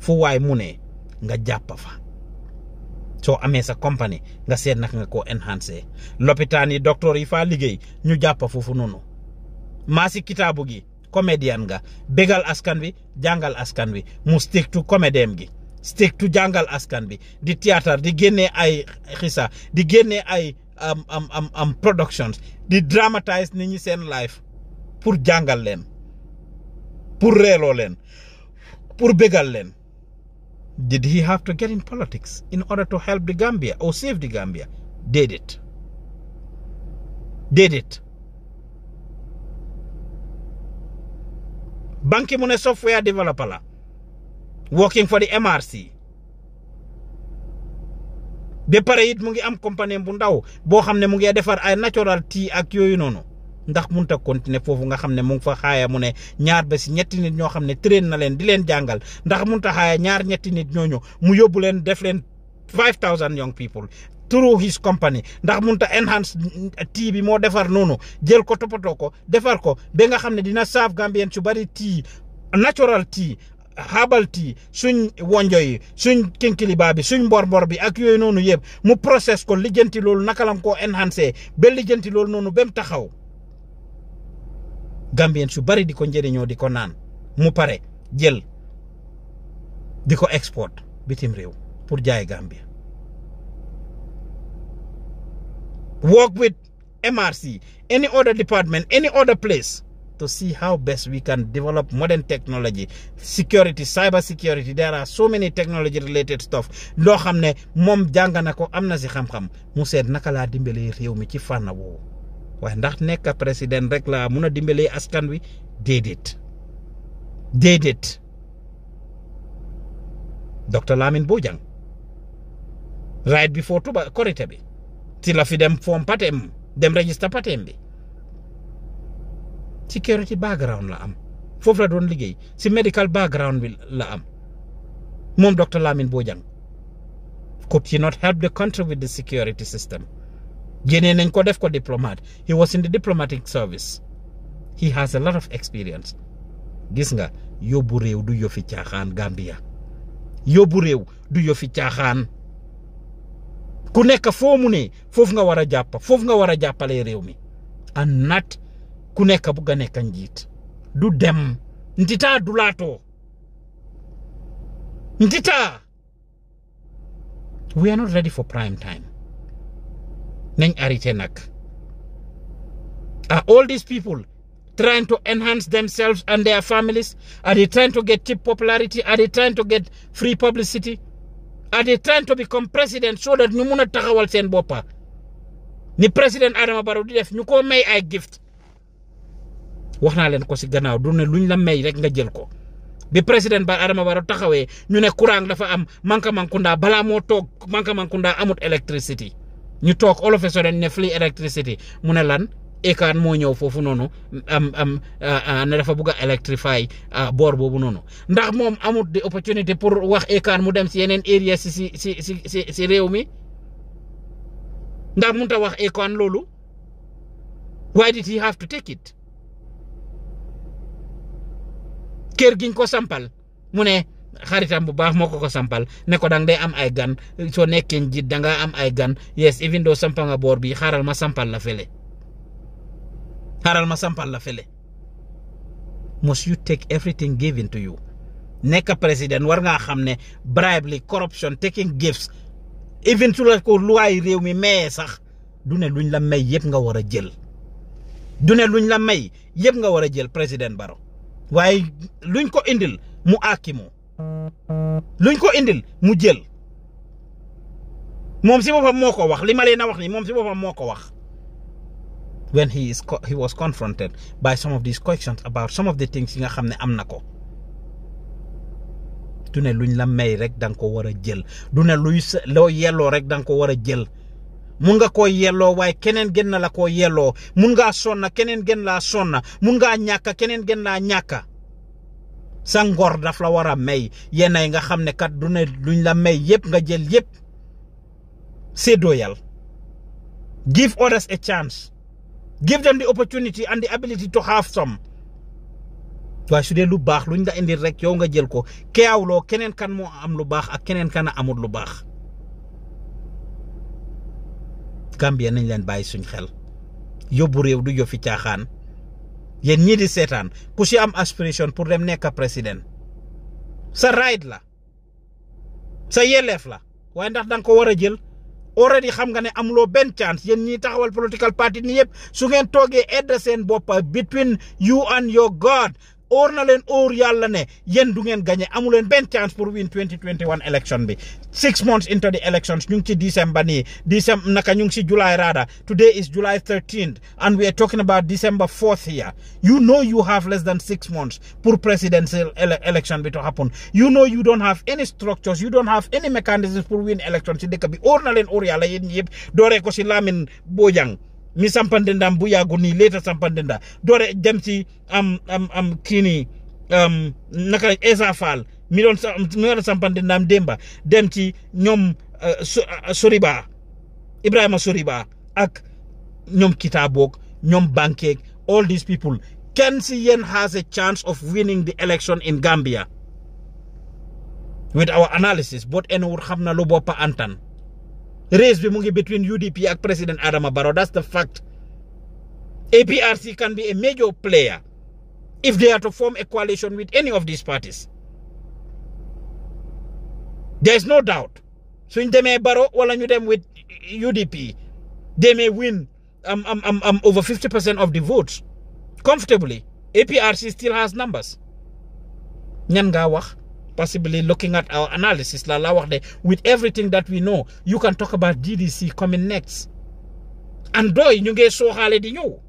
fu waay mu ne nga jàpp fa soo amee sa compagnie nga seet naka nga ko enhancer lopitaan yi docteur yi faa liggéey ñu jàppa foofu noonu maa si kitaabu gi comédien nga bégal askan wi jàngal askan wi mu stick to gi stick to jàngal askan bi di théâtre di génnee ay xisa di génne ay am am productions di dramatize nit ñi seen life pour jàngal leen pour reeloo leen pour bégal leen Did he have to get in politics in order to help the Gambia or save the Gambia? Did it. Did it. Banki Mune software developer working for the MRC. de pare it am company bu bo boo mungi a defar ay natural tea ak yooyu noonu ndax mun ta continuer foofu nga xam ne mu ngi fa xaaya mu ne ñaar ba si ñetti nit ñoo xam ne train naleen leen di leen jàngal ndax mënut a xaaya ñaar ñetti nit ñooñu mu yóbbu leen def leen five thousand young people through his company ndax mun ta enhance tii bi moo defar noonu jël ko toppatoo ko defar ko ba nga xam ne dina saaf Gambien su bari tii natural tii herbal tea suñ wonjo suñ kinkiliba bi suñ mbor mbormbor bi ak yooyu noonu yëpp mu process ko lijjanti loolu naka la ko enhancé ba lijjanti loolu noonu ba taxaw gambien su bari diko njeriño diko nan mu paré jël diko export bitim rew pour jaay Gambia work with MRC any other department any other place to see how best we can develop modern technology security cyber security there are so many technology related stuff Lo xamne mom jangana ko amna ci xam-xam mu set naka la dimbele réew mi ci fànn waaye ndax Presiden president rek la muna dimbele askan wi dedet dedet docteur Lamin Bojang right before tuba korite bi ti la fi dem form patem dem register patem bi security background la am foofu la don si medical background bi la am mom docteur Lamin Bojang could he not help the country with the security system génnee nañ ko def ko diplomate he was in the diplomatic service he has a lot of experience gis nga yóbbu réew du yófi Gambia Yo réew du yofi caaxaan ku nekk foo mu ne foofu nga war a jàpp nga war a jàppalee mi and not ku nekk bugg a nekk njiit du dem ntitaa du we are not ready for prime time nañ arrêté nag a all these people trying to enhance themselves and their families are they trying to get cheap popularity are they trying to get free publicity are they trying to become president so that ñu mun a taxawal seen boppa ni président Adama Barrow di def ñu ko may ay gift wax naa leen ko si gannaaw du ne luñ la may rek nga jël ko bi président ba Adama Barrow taxawee ñu ne courant dafa am Mankamankounda balaa moo toog Mankamankounda amut électricité ñu tok all of a sudden ne free electricity mu ne lan ekaan mo ñew um um, am am ne dafa bugg electrify bor bobu nonu ndax mom amut di opportunity pour wax ekaan mu dem ci yenen area si si si si si reumi. mi ndax mënut ta wax ekaan lolu why did he have to take it ker giñ ko sampal mu ne xaritam bu baax moo ko ko sampal ne ko dang day am ay gan soo nekkee njiit danga am ay gan yes even though sampa nga boor bi xaaral ma sampal la fële xaaral ma sampal la fële must you take everything given to you nekk président war ngaa xam ne bribery corruption taking gifts even su la ko luwaay réew mi mayee sax du ne luñ la may yëpp nga war a jël du ne luñ la may yëpp nga war a jël président Barrow waaye luñ ko indil mu àkki luñ ko indil mu jël moom si boppam moo ko wax li ma leen a wax nii moom si boppam moo ko wax. when he is he was confronted by some of these questions about some of the things yi nga xam ne am na ko du ne luñ la may rek danga ko war a jël du ne luy loo yelloo rek danga ko war a jël mun nga ko yelloo waaye keneen gën na la ko yelloo mun ngaa sonna keneen gën laa sonna mun ngaa ñàkka keneen gën laa ñàkka sa ngor daf la wara a may yenay nga xamne kat du ne duñ la may yep nga jël c'est doyal give others a chance give them the opportunity and the ability to have some to su dee lu bax luñ la indi rek yow nga jël ko kenen kan mo am lu bax ak kenen kan amul lu bax Gambia nañ len bàyyi suñ xel yóbbu rew du yofi tiaxan yéen ñii di seetaan ku si am aspiration pour dem nekk président sa right la sa yelleef la waaye ndax danga ko war a jël already xam nga ne amuloo benn chance yéen ñii taxawal political party ni yëpp su ngeen toogee aide seen boppa between you and your God oor na leen óor yàlla ne yéen du ngeen gagné amu leen benn chance pour win 2021 election bi six months into the elections ñu ngi ci December nii December naka ñu ngi si July rather today is July 13th and we are talking about December 4th here you know you have less than six months pour presidential election bi to happen you know you don't have any structures you don't have any mechanisms pour win election si dëkk bi óor na leen óor yàlla yéen ñëpp dooree ko si Lamin Bojang mi sampande ndam bu yàggul nii léeta sampande nda doore dem ci am am am kii nii naka Essa Fall mi doon mi war a dem ci ñoom euh, euh, Soriba Ibrahima Soriba ak ñoom Kitaboog ñoom Bankeeg all these people kenn si yéen has a chance of winning the election in Gambia with our analysis boot en wut xam na lu boppa antan race bi mu ngi between UDP ak président Adama Barrow that's the fact APRC can be a major player if they are to form a coalition with any of these parties there no doubt suñ demee Barrow wala ñu dem with UDP they may win am um, am um, am um, am over fifty of the votes comfortably APRC still has numbers ñan ngaa wax. possibly looking at our analysis, with everything that we know, you can talk about DDC coming next. And doy, you get so already you.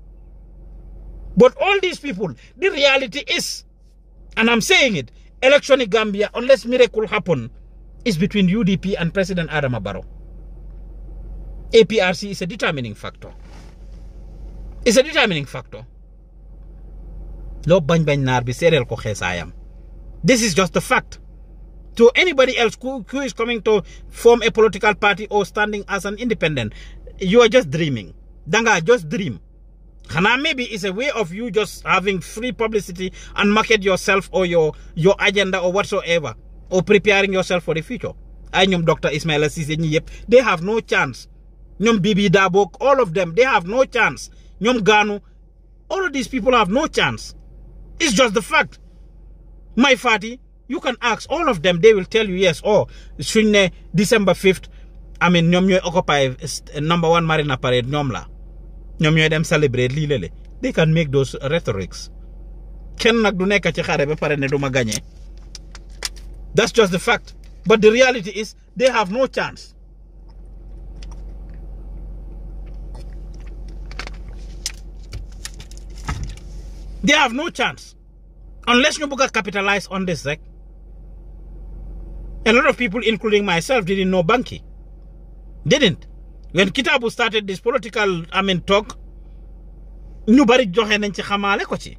But all these people, the reality is, and I'm saying it, election in Gambia, unless miracle happen, is between UDP and President Adam Barrow. APRC is a determining factor. It's a determining factor. Lo bañ bañ nar bi serel ko this is just a fact. To anybody else who, who is coming to form a political party or standing as an independent, you are just dreaming. Danga, just dream. Hana, maybe it's a way of you just having free publicity and market yourself or your, your agenda or whatsoever, or preparing yourself for the future. I know Dr. Ismail Assisi, yep, they have no chance. Nyom Bibi Dabok, all of them, they have no chance. Nyom Ganu, all of these people have no chance. It's just the fact. My father, you can ask all of them. They will tell you, yes, oh, Sunne, December 5th, I mean, ñom ñoy occupy uh, number one marina parade ñom la. ñom celebrate li lele. They can make those rhetorics. Ken nak du nekk ci xare paré ne That's just the fact. But the reality is they have no chance. They have no chance unless Nyobuka capitalized on this, Zach, a lot of people, including myself, didn't know Banki. Didn't. When Kitabu started this political, I mean, talk, ñu bari joxe nañ ci xamaale ko ci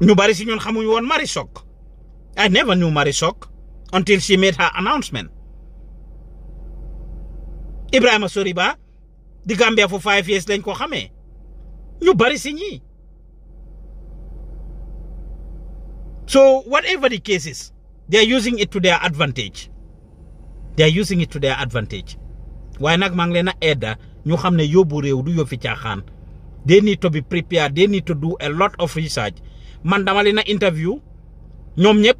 ñu Marie I never knew Marie Shock until she made her announcement Ibrahima Suriba, the Gambia for five years then ko xamee ñu bari soo whatever the case is, they are using it to their advantage. They are using it to their advantage. waaye nag maa ngi leen a aidé ñu xam ne yóbbu réew du yóbbu caaxaan they need to bi prepared they need to do a lot of research man dama leen a interview ñoom ñëpp.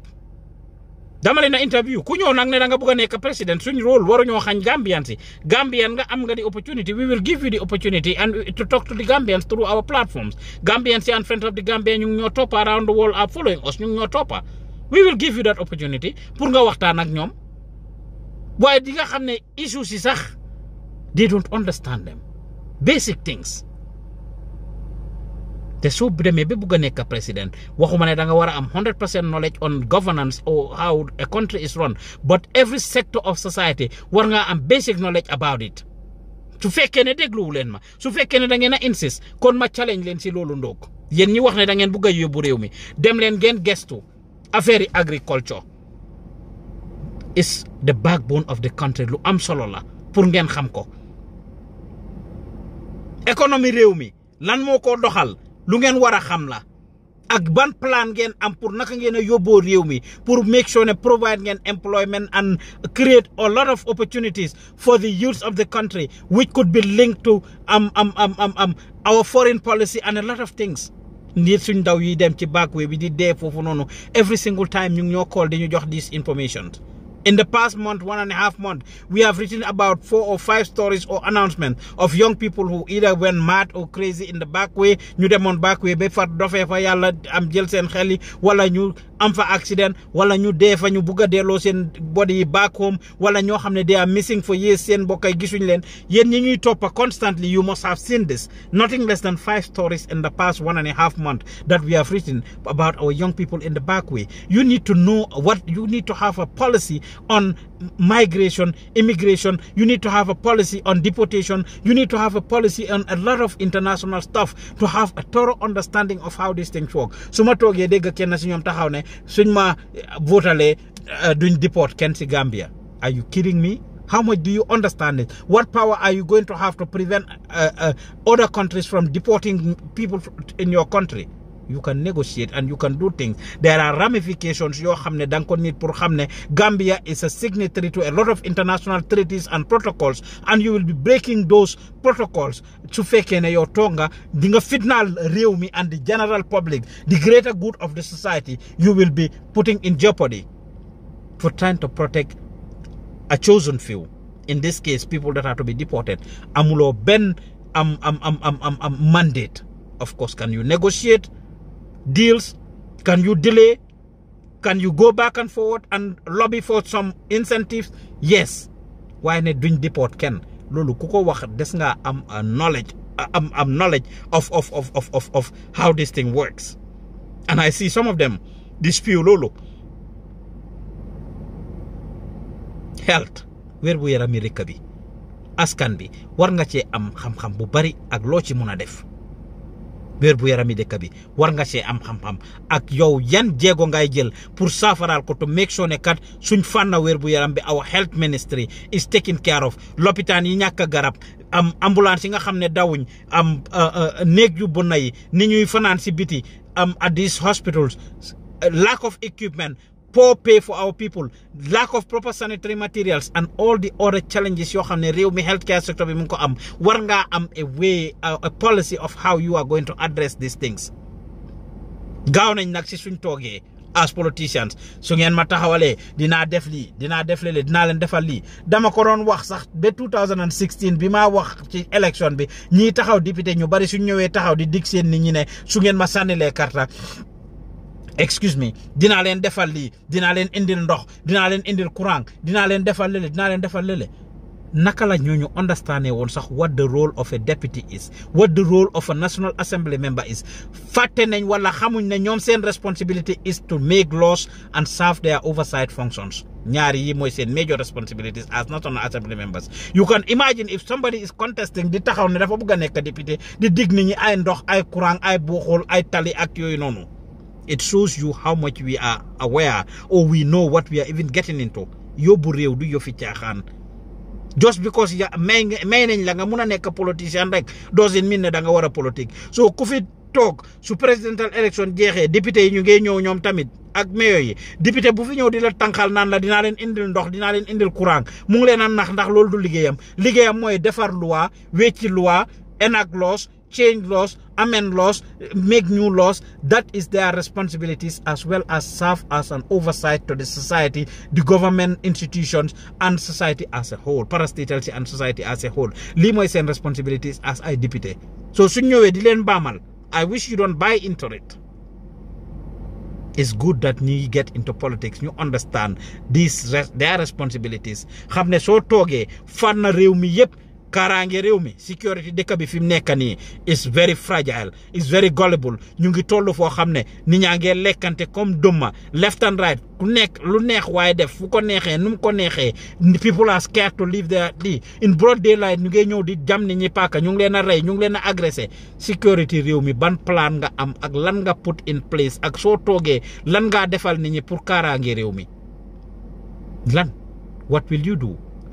dama leen interview ku ñëw ne da nga bëgg a nekk président suñ rôle ñoo xañ Gambian si Gambian nga am nga di opportunity we will give you the opportunity and to talk to the Gambians through our platforms Gambians and front of the Gambian, ñu ñoo top around the world are following us ñu ñoo toppa we will give you that opportunity pour nga waxtaan ak ñom waaye di nga xamne issue ci sax they don't understand them basic things The subreme bebuganeka president. Wahumanedangawara am 100% knowledge on governance or how a country is run. But every sector of society, warnga am basic knowledge about it. su fekkee ne déglu leen ma su fekkee ne da ngeen a insist kon ma challenge leen si loolu ndoog yéen ñi wax ne da ngeen bugg a yóbbu réew mi dem leen ngeen gestu affaire yi agriculture is the backbone of the country lu am solo la pour ngeen xam ko économie réew mi lan moo ko doxal lu ngeen war a xam la ak ban plan ngeen am pour naka ngeen a yóbboo réew mi pour make sure ne provide ngeen employment and create a lot of opportunities for the youth of the country which could be linked to am am am am am our foreign policy and a lot of things. nit suñ daw yi dem ci backway bi di dee foofu noonu every single time ñu ngi ñoo call di ñu jox these informations. In the past month, one and a half month, we have written about four or five stories or announcements of young people who either went mad or crazy in the back way, New demoon back way ba far dofee fa yàlla am jël Kelly. xel yi wala am fa accident wala ñu de, fa ñu buga a delloo seen body back home wala ñoo xam ne they are missing for years seen bokkay gisuñ leen yéen ñi ñuy constantly you must have seen this nothing less than five stories in the past one and a half month that we have written about our young people in the back way you need to know what you need to have a policy on migration, immigration. You need to have a policy on deportation. You need to have a policy on a lot of international stuff to have a thorough understanding of how these things work. So, ma toogee dégg kenn si ñoom taxaw ne suñ eh, eh, deport Kenzi Gambia. Are you kidding me? How much do you understand it? What power are you going to have to prevent uh, uh, other countries from deporting people in your country? you can negotiate and you can do things there are ramifications Your hamne ne da nga need Gambia is a signatory to a lot of international treaties and protocols and you will be breaking those protocols to fake ne tonga, toog nga di nga and the general public the greater good of the society you will be putting in jeopardy for trying to protect a chosen few in this case people that are to be deported amuloo benn am am am am am mandate of course can you negotiate deals? Can you delay? Can you go back and forward and lobby for some incentives? Yes. waaye ne duñ deport kenn loolu ku ko wax des nga am knowledge am am knowledge of of of of of how this thing works and I see some of them dispute loolu health wér bu yaram yi bi askan bi war nga cee am xam-xam bu bari ak loo ci mun a def wér bu yarami dëkk bi war nga see am xam-xam ak yow yan jéego ngay jël pour saafaraal ko to make sure ne suñ fànna wér bu yaram bi our health ministry is taking care of lopitaan yi ñàkk garab am ambulance yi nga xam ne dawuñ am uh, uh, néeg yu bon na ni ñuy fanaan si biti am at these hospitals lack of equipment poor pay for our people lack of proper sanitary materials and all the other challenges you have in the healthcare sector We mu am am a way a policy of how you are going to address these things gaaw nañ suñ toogee as politicians su ngeen ma taxawalee dinaa def lii dinaa def lii dinaa leen defal lii dama ko doon wax sax ba 2016 bi wax ci élection bi ñiy taxaw député ñu bari suñ ñëwee taxaw di dig seen nit ñi ne su ngeen ma sànnilee karta excuse me dinaa leen defal lii dinaa leen indil ndox dinaa leen indil courant dinaa leen defal lële dinaa leen defal lële naka la ñooñu understandé woon sax what the role of a deputy is what the role of a national assembly member is fatte nañ wala xamuñ ne ñoom seen responsibility is to make laws and serve their oversight functions ñaari yi mooy seen major responsibilities as national assembly members you can imagine if somebody is contesting di taxaw ne dafa bëgg a nekk député di dig nit ay ndox ay courant ay buuxul ay tali ak yooyu noonu it shows you how much we are aware or we know what we are even getting into yóbbu réew du yëfi caaxaan just because ya may may nañ la nga mun a nekk politicien rek doesn't min ne da nga war a politique so ku fi toog su presidential election jeexee député yi ñu ngi ñëw ñoom tamit ak mayor yi député bu fi ñëw di la tànqal nan la dinaa leen indil ndox dinaa leen indil courant mu ngi leen a nax ndax loolu du liggéeyam liggéeyam mooy defar loi wecci loi enact laws change laws amend laws, make new laws. That is their responsibilities as well as serve as an oversight to the society, the government institutions, and society as a whole, parastatality and society as a whole. Li is seen responsibilities as ay so su ñëwee di I wish you don't buy into it. It's good that you get into politics You understand these their responsibilities Have ne soo toogee fànn réew kaaraange réew mi sécurité dëkk bi fi mu nekk nii is very fragile is very gullible ñu ngi toll foo xam ne ni ñaa ngee lekkante comme dëmma left and right ku nekk lu neex waaye def fu ko neexee nu mu ko neexee people are scared to leave their di in broad daylight nu ngi ñëw di jam ni ñi paaka ñu ngi leen a rey ñu ngi leen a agressé sécurité réew mi ban plan nga am ak lan nga put in place ak soo toogee lan ngaa defal ni ñi pour kaaraange réew mi lan what will you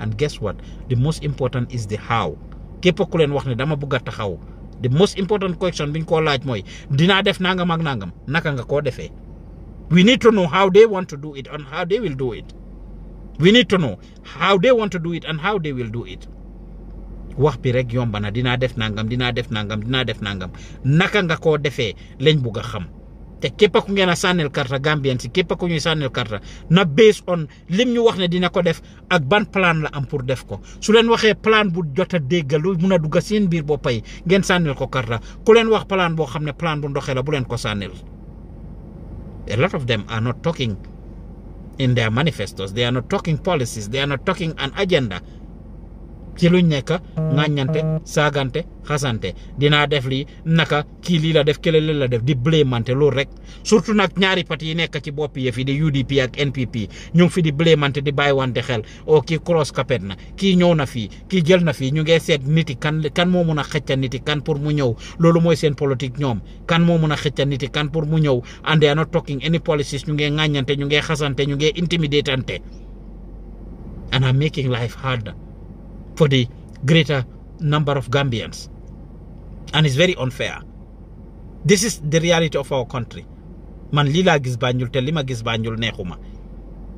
and guess what the most important is the how képp ku leen wax ne dama bugg a taxaw the mos important question bi ñu koo laaj mooy dinaa def nangam ak nangam naka nga koo defee wi need to know how they want to do it and how they will du it we need to know how they want to do it and how they will do it wax bi rek yomba na dinaa def nangam dinaa def nangam dinaa def nangam naka nga koo defee lañ bugg a xam. te képp ku ngeen a sànnil karta Gambien si képp ku ñuy sànnil karta na base on lim ñu wax ne dina ko def ak ban plan la am pour def ko su leen waxee plan bu jot a dégg lu mun a dugg seen biir boppa yi ngeen sànnil ko karta ku leen wax plan boo xam ne plan bu ndoxee la bu leen ko sànnil a lot of them are not talking in their manifestos they are not talking policies they are not talking an agenda ci luñ nekk ŋàññante saagante xasante dinaa def lii naka kii lii la def kële lii la def di blémante loolu rek surtout nag ñaari parti yi nekk ci bopp yi fi di UDP ak NPP ñu ngi fi di blémante di wante xel o kii cross capet na kii ñëw na fii kii jël na fii ñu ngi seet niti kan kan moo mun a xëcca niti kan pour mu ñëw loolu mooy seen politique ñoom kan moo mun a xëcca niti kan pour mu ñëw and they are not talking any policies ñu ngi ñu ngi xasante ñu ngi intimidatante and I'm making life harder for the greater number of Gambians. And it's very unfair. This is the reality of our country. Manlila gizbanyul, gis Banjul te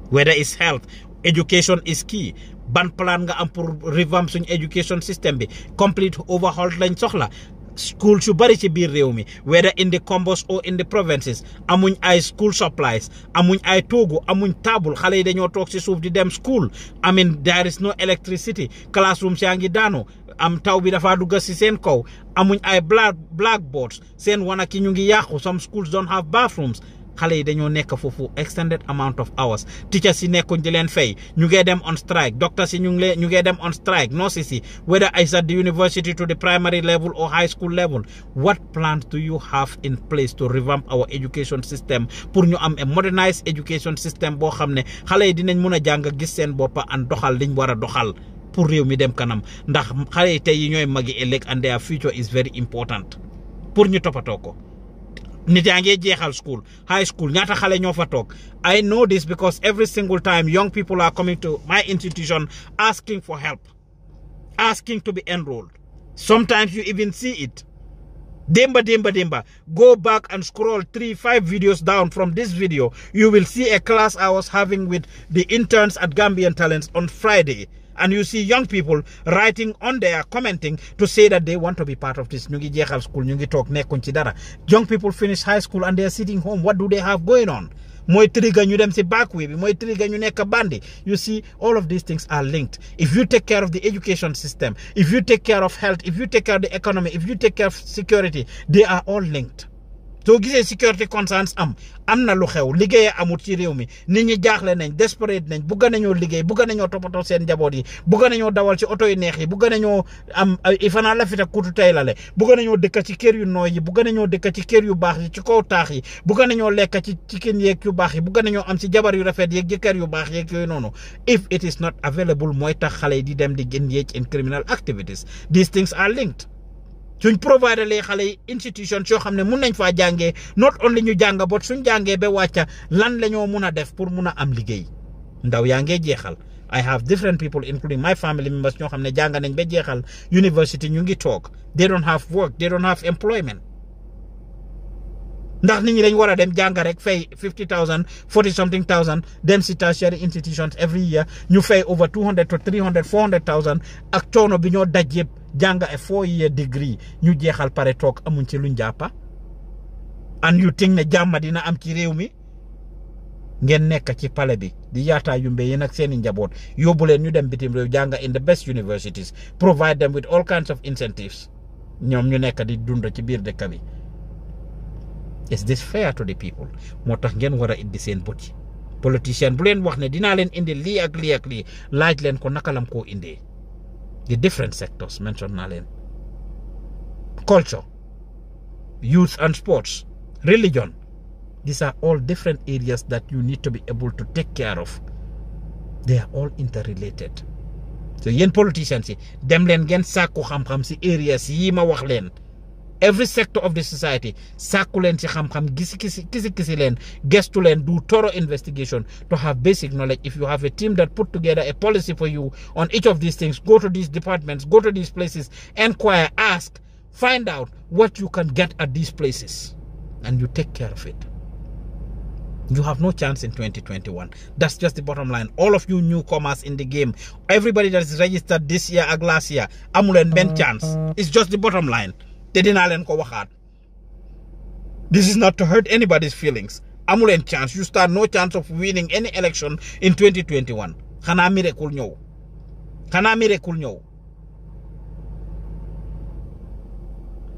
Whether it's health, education is key. Ban plan nga am pour revamp suñ education system bi. Complete overhaul lañ soxla school su bari ci biir réew mi whether in the combos or in the provinces amuñ ay school supplies amuñ ay toogu amuñ table xale yi dañoo toog ci suuf di dem school I mean there is no electricity classroom yaa ngi daanu am taw bi dafa dugg ci seen kaw amuñ ay black blackboards seen wanaki ñu ngi yàqu some schools don't have bathrooms xale yi dañoo nekk foofu extended amount of hours teachers yi nekkuñ di leen fay ñu ngee dem on strike doctors yi ñu ngi leen ñu ngee dem on strike nurses yi whether it's at university to the primary level or high school level what plans do you have in place to revamp our education system pour ñu am a modernized education system boo xam ne xale yi dinañ mën a jàng gis seen boppa an doxal liñ war a doxal pour réew mi dem kanam ndax xale yi tey yi ñooy magi ëllëg and their future important pour ñu toppatoo ko school high school I know this because every single time young people are coming to my institution asking for help asking to be enrolled sometimes you even see it demba demba demba go back and scroll three five videos down from this video you will see a class I was having with the interns at Gambian Talents on Friday and you see young people writing on there commenting to say that they want to be part of this ñu ngi school ñu ngi ne kunchidara. young people finish high school and they are sitting home what do they have going on mooy trigger ñu dem si back way bi trigger ñu nekk bandi you see all of these things are linked if you take care of the education system if you take care of health if you take care of the economy if you take care of security they are all linked soo gisee security concerns am am na lu xew liggéey amut ci réew mi nit ñi jaaxle nañ desperate nañ a nañoo liggéey bu bugga nañoo toppatoo seen njaboot yi bugga nañoo dawal ci oto yi neex yi bugga nañoo am ifanaa la fita kuutu tay lale bugga nañoo dëkk ci kër yu nooy yi a nañoo dëkk ci kër yu baax yi ci kaw taax yi bugga nañoo lekk ci chicken yeeg yu baax yi a nañoo am si jabar yu rafet yeeg jëkkër yu baax yeeg yooyu noonu if it is not available mooy tax xale yi di dem di engage in criminal activities these things are linked suñ provider les xale yi yoo xam ne mun nañ faa jàngee not only ñu jàng bot suñ jàngee ba wàcca lan la ñoo mun a def pour mun a am liggéey ndaw yaa ngee jeexal I have different people including my family members ñoo xam ne jàng nañ ba jeexal university ñu ngi toog they don't have work they don't have employment. ndax nit ñi dañ war a dem jàng rek fay fifty thousand forty something thousand dem si tertiary institutions every year ñu fay over two hundred to three hundred four hundred thousand ak coono bi ñoo daj yëpp jàng e four year degree ñu jeexal pare toog amuñ ci luñ jàppa and yu think ne jàmm dina am ci réew mi ngeen nekk ci pale bi di yaataa yumbe yéen nag seeni njaboot yóbbu leen ñu dem bitim réew jàng in the best universities provide them with all kinds of incentives ñoom ñu nekk di dund ci biir dëkk bi is this fair to the people moo tax geen war a indi seen bët yi politicien bu leen wax ne dinaa leen indi lii ak lii ak lii laaj leen ko naka lam koo indee the different sectors mention naa leen culture youth and sports religion these are all different areas that you need to be able to take care of they are all interrelated so yéen politiciens yi dem leen ngeen sàkku xam-xam si areas yii ma wax leen every sector of the society sàkku leen ci xam-xam gisi kisi kisi kisi leen gestu leen do thorough investigation to have basic knowledge if you have a team that put together a policy for you on each of these things go to these departments go to these places inquire ask find out what you can get at these places and you take care of it you have no chance in 2021 that's just the bottom line all of you newcomers in the game everybody that is registered this year or last year amulen ben uh, chance it's just the bottom line te dinaa leen ko this is not to hurt anybody's feelings Amule and chance you stand no chance of winning any election in 2021 xanaa miracle ñëw xanaa miracle ñëw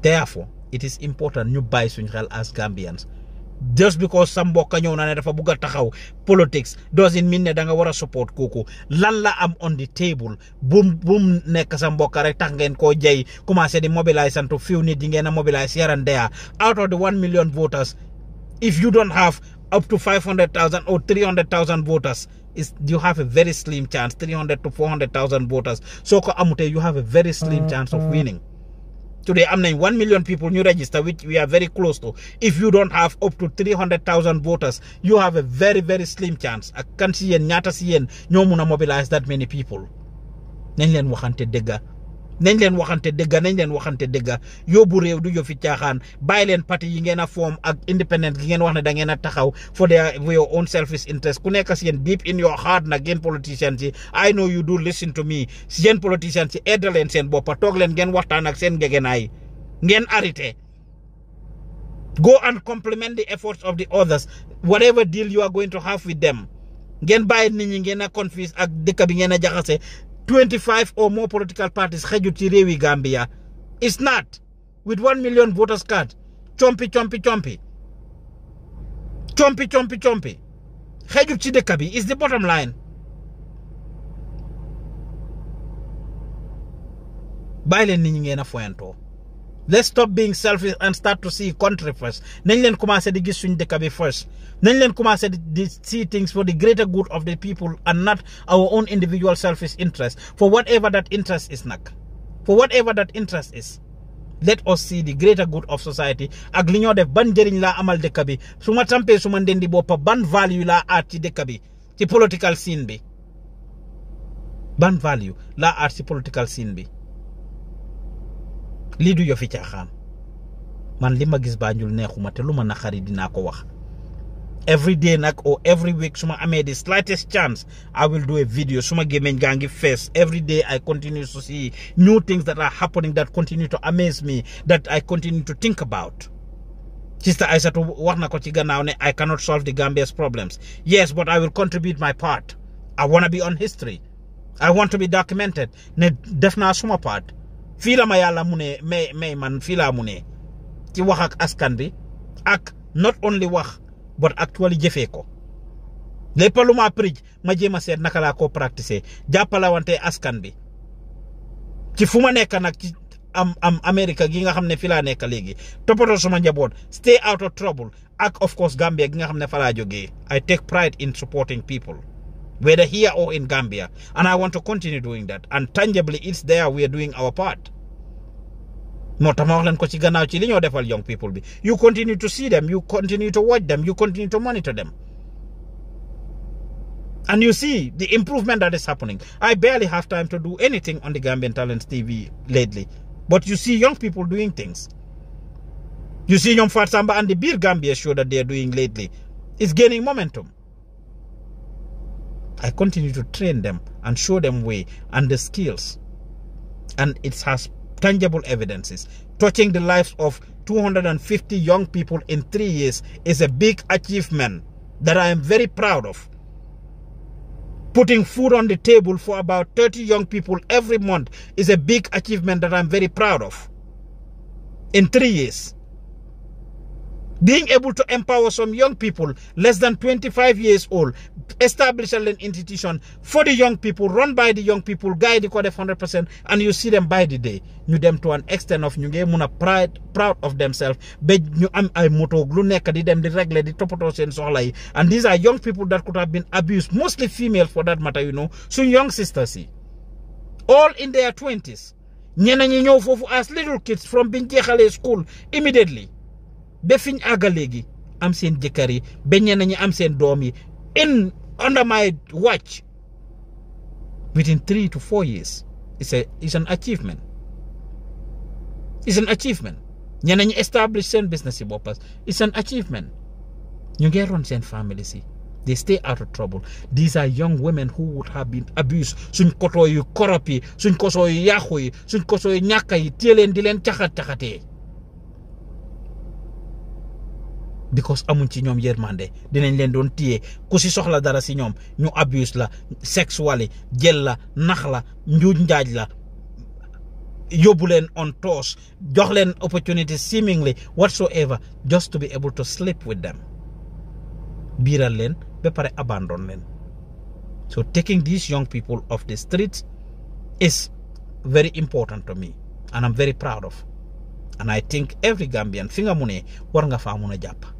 therefore it is important ñu buy suñ xel as Gambians just because sa mbokk ñëw na ne dafa bugg taxaw politics doesn't mean ne da nga war a support kooku lan la am on the table Boom, bum nekk sa mbokk rek tax ngeen koo jay commencé di mobilize santu fiw nit yi ngeen a mobilize yaran deya out of the one million voters if you don't have up to 500,000 or 300,000 voters is you have a very slim chance 300 to 400,000 voters so ko amute you have a very slim mm, chance of mm. winning today am nañ one million people ñu register which we are very close to if you don't have up to three hundred thousand voters you have a very very slim chance ak kan si yéen ñaata si yéen ñoo mun a mobilize that many people nañ leen waxante dëgga nañ leen waxante dëgga nañ leen waxante dëgga yóbbu réew du yofi caaxaan bàyyi leen parti yi ngeen a form ak independent gi ngeen wax ne da ngeen a taxaw for their your own selfish interest ku nekk seen deep in your heart nag yéen politicians I know you do listen to me yéen politician si. aide leen seen boppa toog leen ngeen waxtaan ak seen ngegenaay ngeen arrêté go and compliment the efforts of the others whatever deal you are going to have with them ngeen bàyyi nit ñi ngeen a confuse ak dëkk bi ngeen a jaxase 25 or more political parties xeju ci réewi Gambia it's not with 1 million voters card compi compi compi compi xeju ci dëkka bi is the bottom line bàyyi leen nit ñi ngeen a foyantoo let's stop being selfish and start to see country first nañ leen commencé di gis suñ dëkk bi first nañ leen commencé di see things for the greater good of the people and not our own individual selfish interest for whatever that interest is nag for whatever that interest is let us see the greater good of society ak li ñoo def ban njëriñ laa amal dëkk bi su ma tampee su ma ndendi boppa ban value laa aat ci dëkk bi ci political scene bi ban value laa aat ci political bi lii du yofi caaxaan man li ma gis Banjul neexuma te lu na naqari dinaa ko wax every day nag or every week su ma amee the slightest chance I will do a video su ma gémmiñ gaa ngi fees every day I continue to see new things that are happening that continue to amaze me that I continue to think about Sister Aissatou wax na ko ci gannaaw ne I cannot solve the Gambia's problems yes but I will contribute my part I wanna be on history I want to be documented ne def naa suma part fii la ma yàlla mu ne may may man fii laa mu ne ci wax ak askan bi ak not only wax but actually jëfee ko lépp lu ma prij ma jéem a seet naka laa koo practice jàppalawante askan bi ci fu ma nekk nag ci am am Amérique gi nga xam ne fi laa nekk léegi toppatoo suma njaboot stay out of trouble ak of course Gambia gi nga xam ne fa laa jógee I take pride in supporting people. whether here or in Gambia. And I want to continue doing that. And tangibly, it's there. We are doing our part. You continue to see them. You continue to watch them. You continue to monitor them. And you see the improvement that is happening. I barely have time to do anything on the Gambian Talents TV lately. But you see young people doing things. You see young Fat Samba and the Beer Gambia show that they are doing lately. It's gaining momentum. I continue to train them and show them way and the skills. And it has tangible evidences. Touching the lives of 250 young people in three years is a big achievement that I am very proud of. Putting food on the table for about 30 young people every month is a big achievement that I'm very proud of. In three years. being able to empower some young people less than 25 years old establish an institution for the young people run by the young people guide the code 100% and you see them by the day ñu dem to an extent of ñu ngi mun a pride proud of themselves ba ñu am ay moto lu nekk di dem di régler di toppatoo seen soxla yi and these are young people that could have been abused mostly females for that matter you know suñ young sisters yi all in their 20s ñeneen ñi ñëw foofu as little kids from biñ ba fi ñu àggal leegi am seen jëkkër yi ba ñenn ñi am seen doom yi in under my watch within three to four years it's a it's an achievement it's an achievement ñeneen ñi establish seen business yi boppas it's an achievement ñu ngi ron seen family si they stay out of trouble these are young women who would have been abused suñ koto korop yi suñ koso yu yàqu yi suñ koso yu ñàkk yi téye leen di leen caxat caxatee because amuñ ci ñoom yërmande dinañ leen doon téye ku si soxla dara si ñoom ñu abuse la sexually jël la nax la njuuj njaaj la yóbbu on toos jox leen opportunity seemingly whatsoever just to be able to sleep with them biiral leen ba pare abandon leen so taking these young people off the streets is very important to me and I'm very proud of and I think every Gambian fi nga mu ne war nga faa mun a jàpp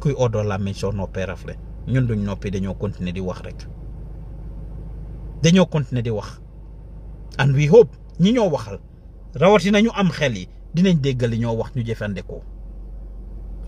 kuy oddoo làmmiñ soo noppee rafle ñun duñ noppi dañoo continuer di wax rek dañoo continuer di wax and we hope ñi ñoo waxal rawatina ñu am xel yi dinañ déggal ñoo wax ñu jëfandikoo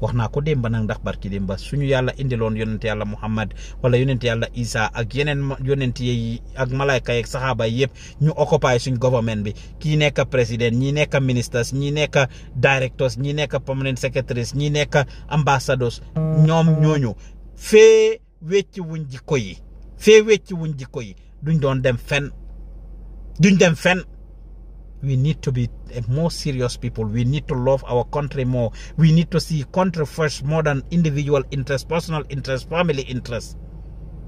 wax naa ko démb nag ndax barki démb suñu yàlla indiloon yonent yàlla Muhammad wala yonent yàlla Isa ak yeneen yonent yi ak malaayka yeeg saxaaba yëpp ñu occupy suñ government bi kii nekk président ñi nekk ministers ñi nekk directors ñi nekk permanent secretaries ñi nekk ambassadors ñoom ñooñu fee wecci wuñ jikko yi fee wecci wuñ jikko yi duñ doon dem fen we need to be more serious people we need to love our country more we need to see country first more than individual interest personal interest family interest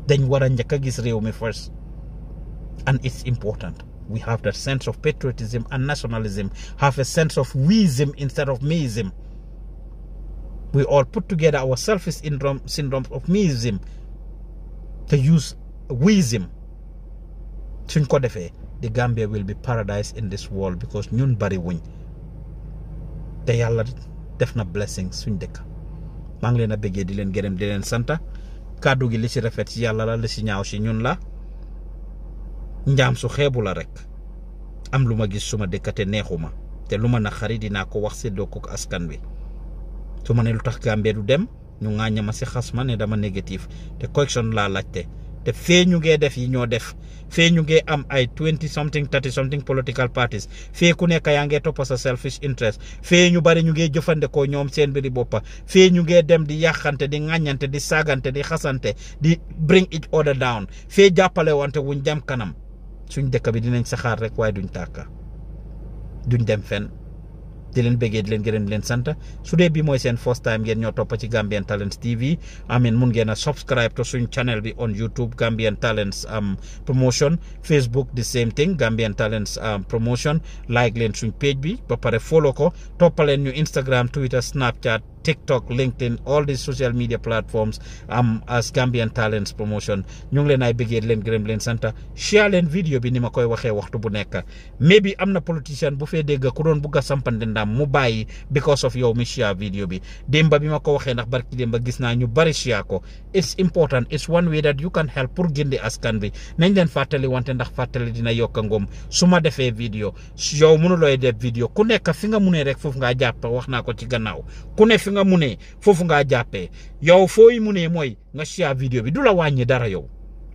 Then war a njëkk a first and it's important we have that sense of patriotism and nationalism have a sense of weism instead of meism we all put together our selfish syndrome syndrome of meism to use weism the Gambia will be paradise in this world because ñun bari wuñ te yalla def na blessing suñ dekk ma ngi leena beggé di leen gërëm di leen santa kàddu gi li ci rafet ci yalla la li ci ñaaw ci ñun la ndiam su xébu la rek am luma gis suma dekkate neexuma te luma na xari dina ko wax ci dokku askan wi su ma ne lutax Gambia du dem ñu ŋàñña ma ci xasma ne dama négatif te correction la laccé te ñu ngee def yi ñoo def fee ñu ngee am ay twenty something thirty something political parties fee ku nekk yaa ngee toppa sa selfish interest fee ñu bari ñu ngee jëfandikoo ñoom seen mbiri boppa fee ñu ngee dem di yàqante di ŋàññante di saagante di xasante di bring each other down fee jàppale wante wuñ dem kanam suñ dëkk bi dinañ saxaar rek waaye duñ tàkka duñ dem fen di leen bëggee di leen gërëm di leen sant su dee bi mooy seen first time ngeen ñoo topp ci Gambian Talents TV amin mun ngeen a subscribe to suñ channel bi on YouTube Gambian Talents um, promotion Facebook the same thing Gambian Talents um, promotion like leen suñ page bi ba pare follow ko toppaleen ñu Instagram Twitter Snapchat TikTok LinkedIn all these social media platforms am um, as Gambian Talents promotion ñu ngi leen ay bëggee di leen gërëm a sampandi mu bàyyi because of yow mi share video bi démba bi ma ko waxee ndax barki démba gis naa ñu bari share ko it's important it's one way that you can help pour gindi askan bi nañ leen fàttali wante ndax fàttali dina yokk ngoom su ma defee video yow mënulooy def video ku nekk fi nga munee rek foofu ngaa jàpp wax naa ko ci gannaaw ku ne fi nga munee foofu ngaa jàppee yow fooy munee mooy nga share video bi du la wàññi dara yow.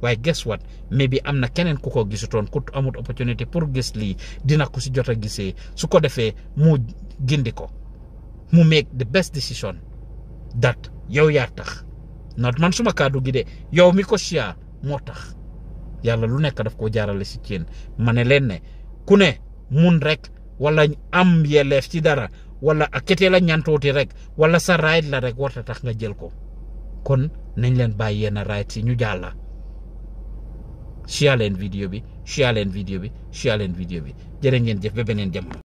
waaye guess what bi am na keneen ku ko gisutoon ku amut opportunité pour gis lii dina ku si jot a gisee su ko defee mu gindi ko mu make the best decision that yow yaa tax noot man suma kàddu gi de yow mi ko siyaa moo tax yàlla lu nekk daf koo jaarale si ceen ma ne leen ne ku ne mun rek wala am yelleef ci dara wala ak ketee la ñantooti rek wala sa raayit la rek warta tax nga jël ko kon nañ leen bàyyi yenn raayit si ñu jàlla chia leen bi chia leen bi chia leen vidéo bi jërë ngeen jëf ba beneen jamono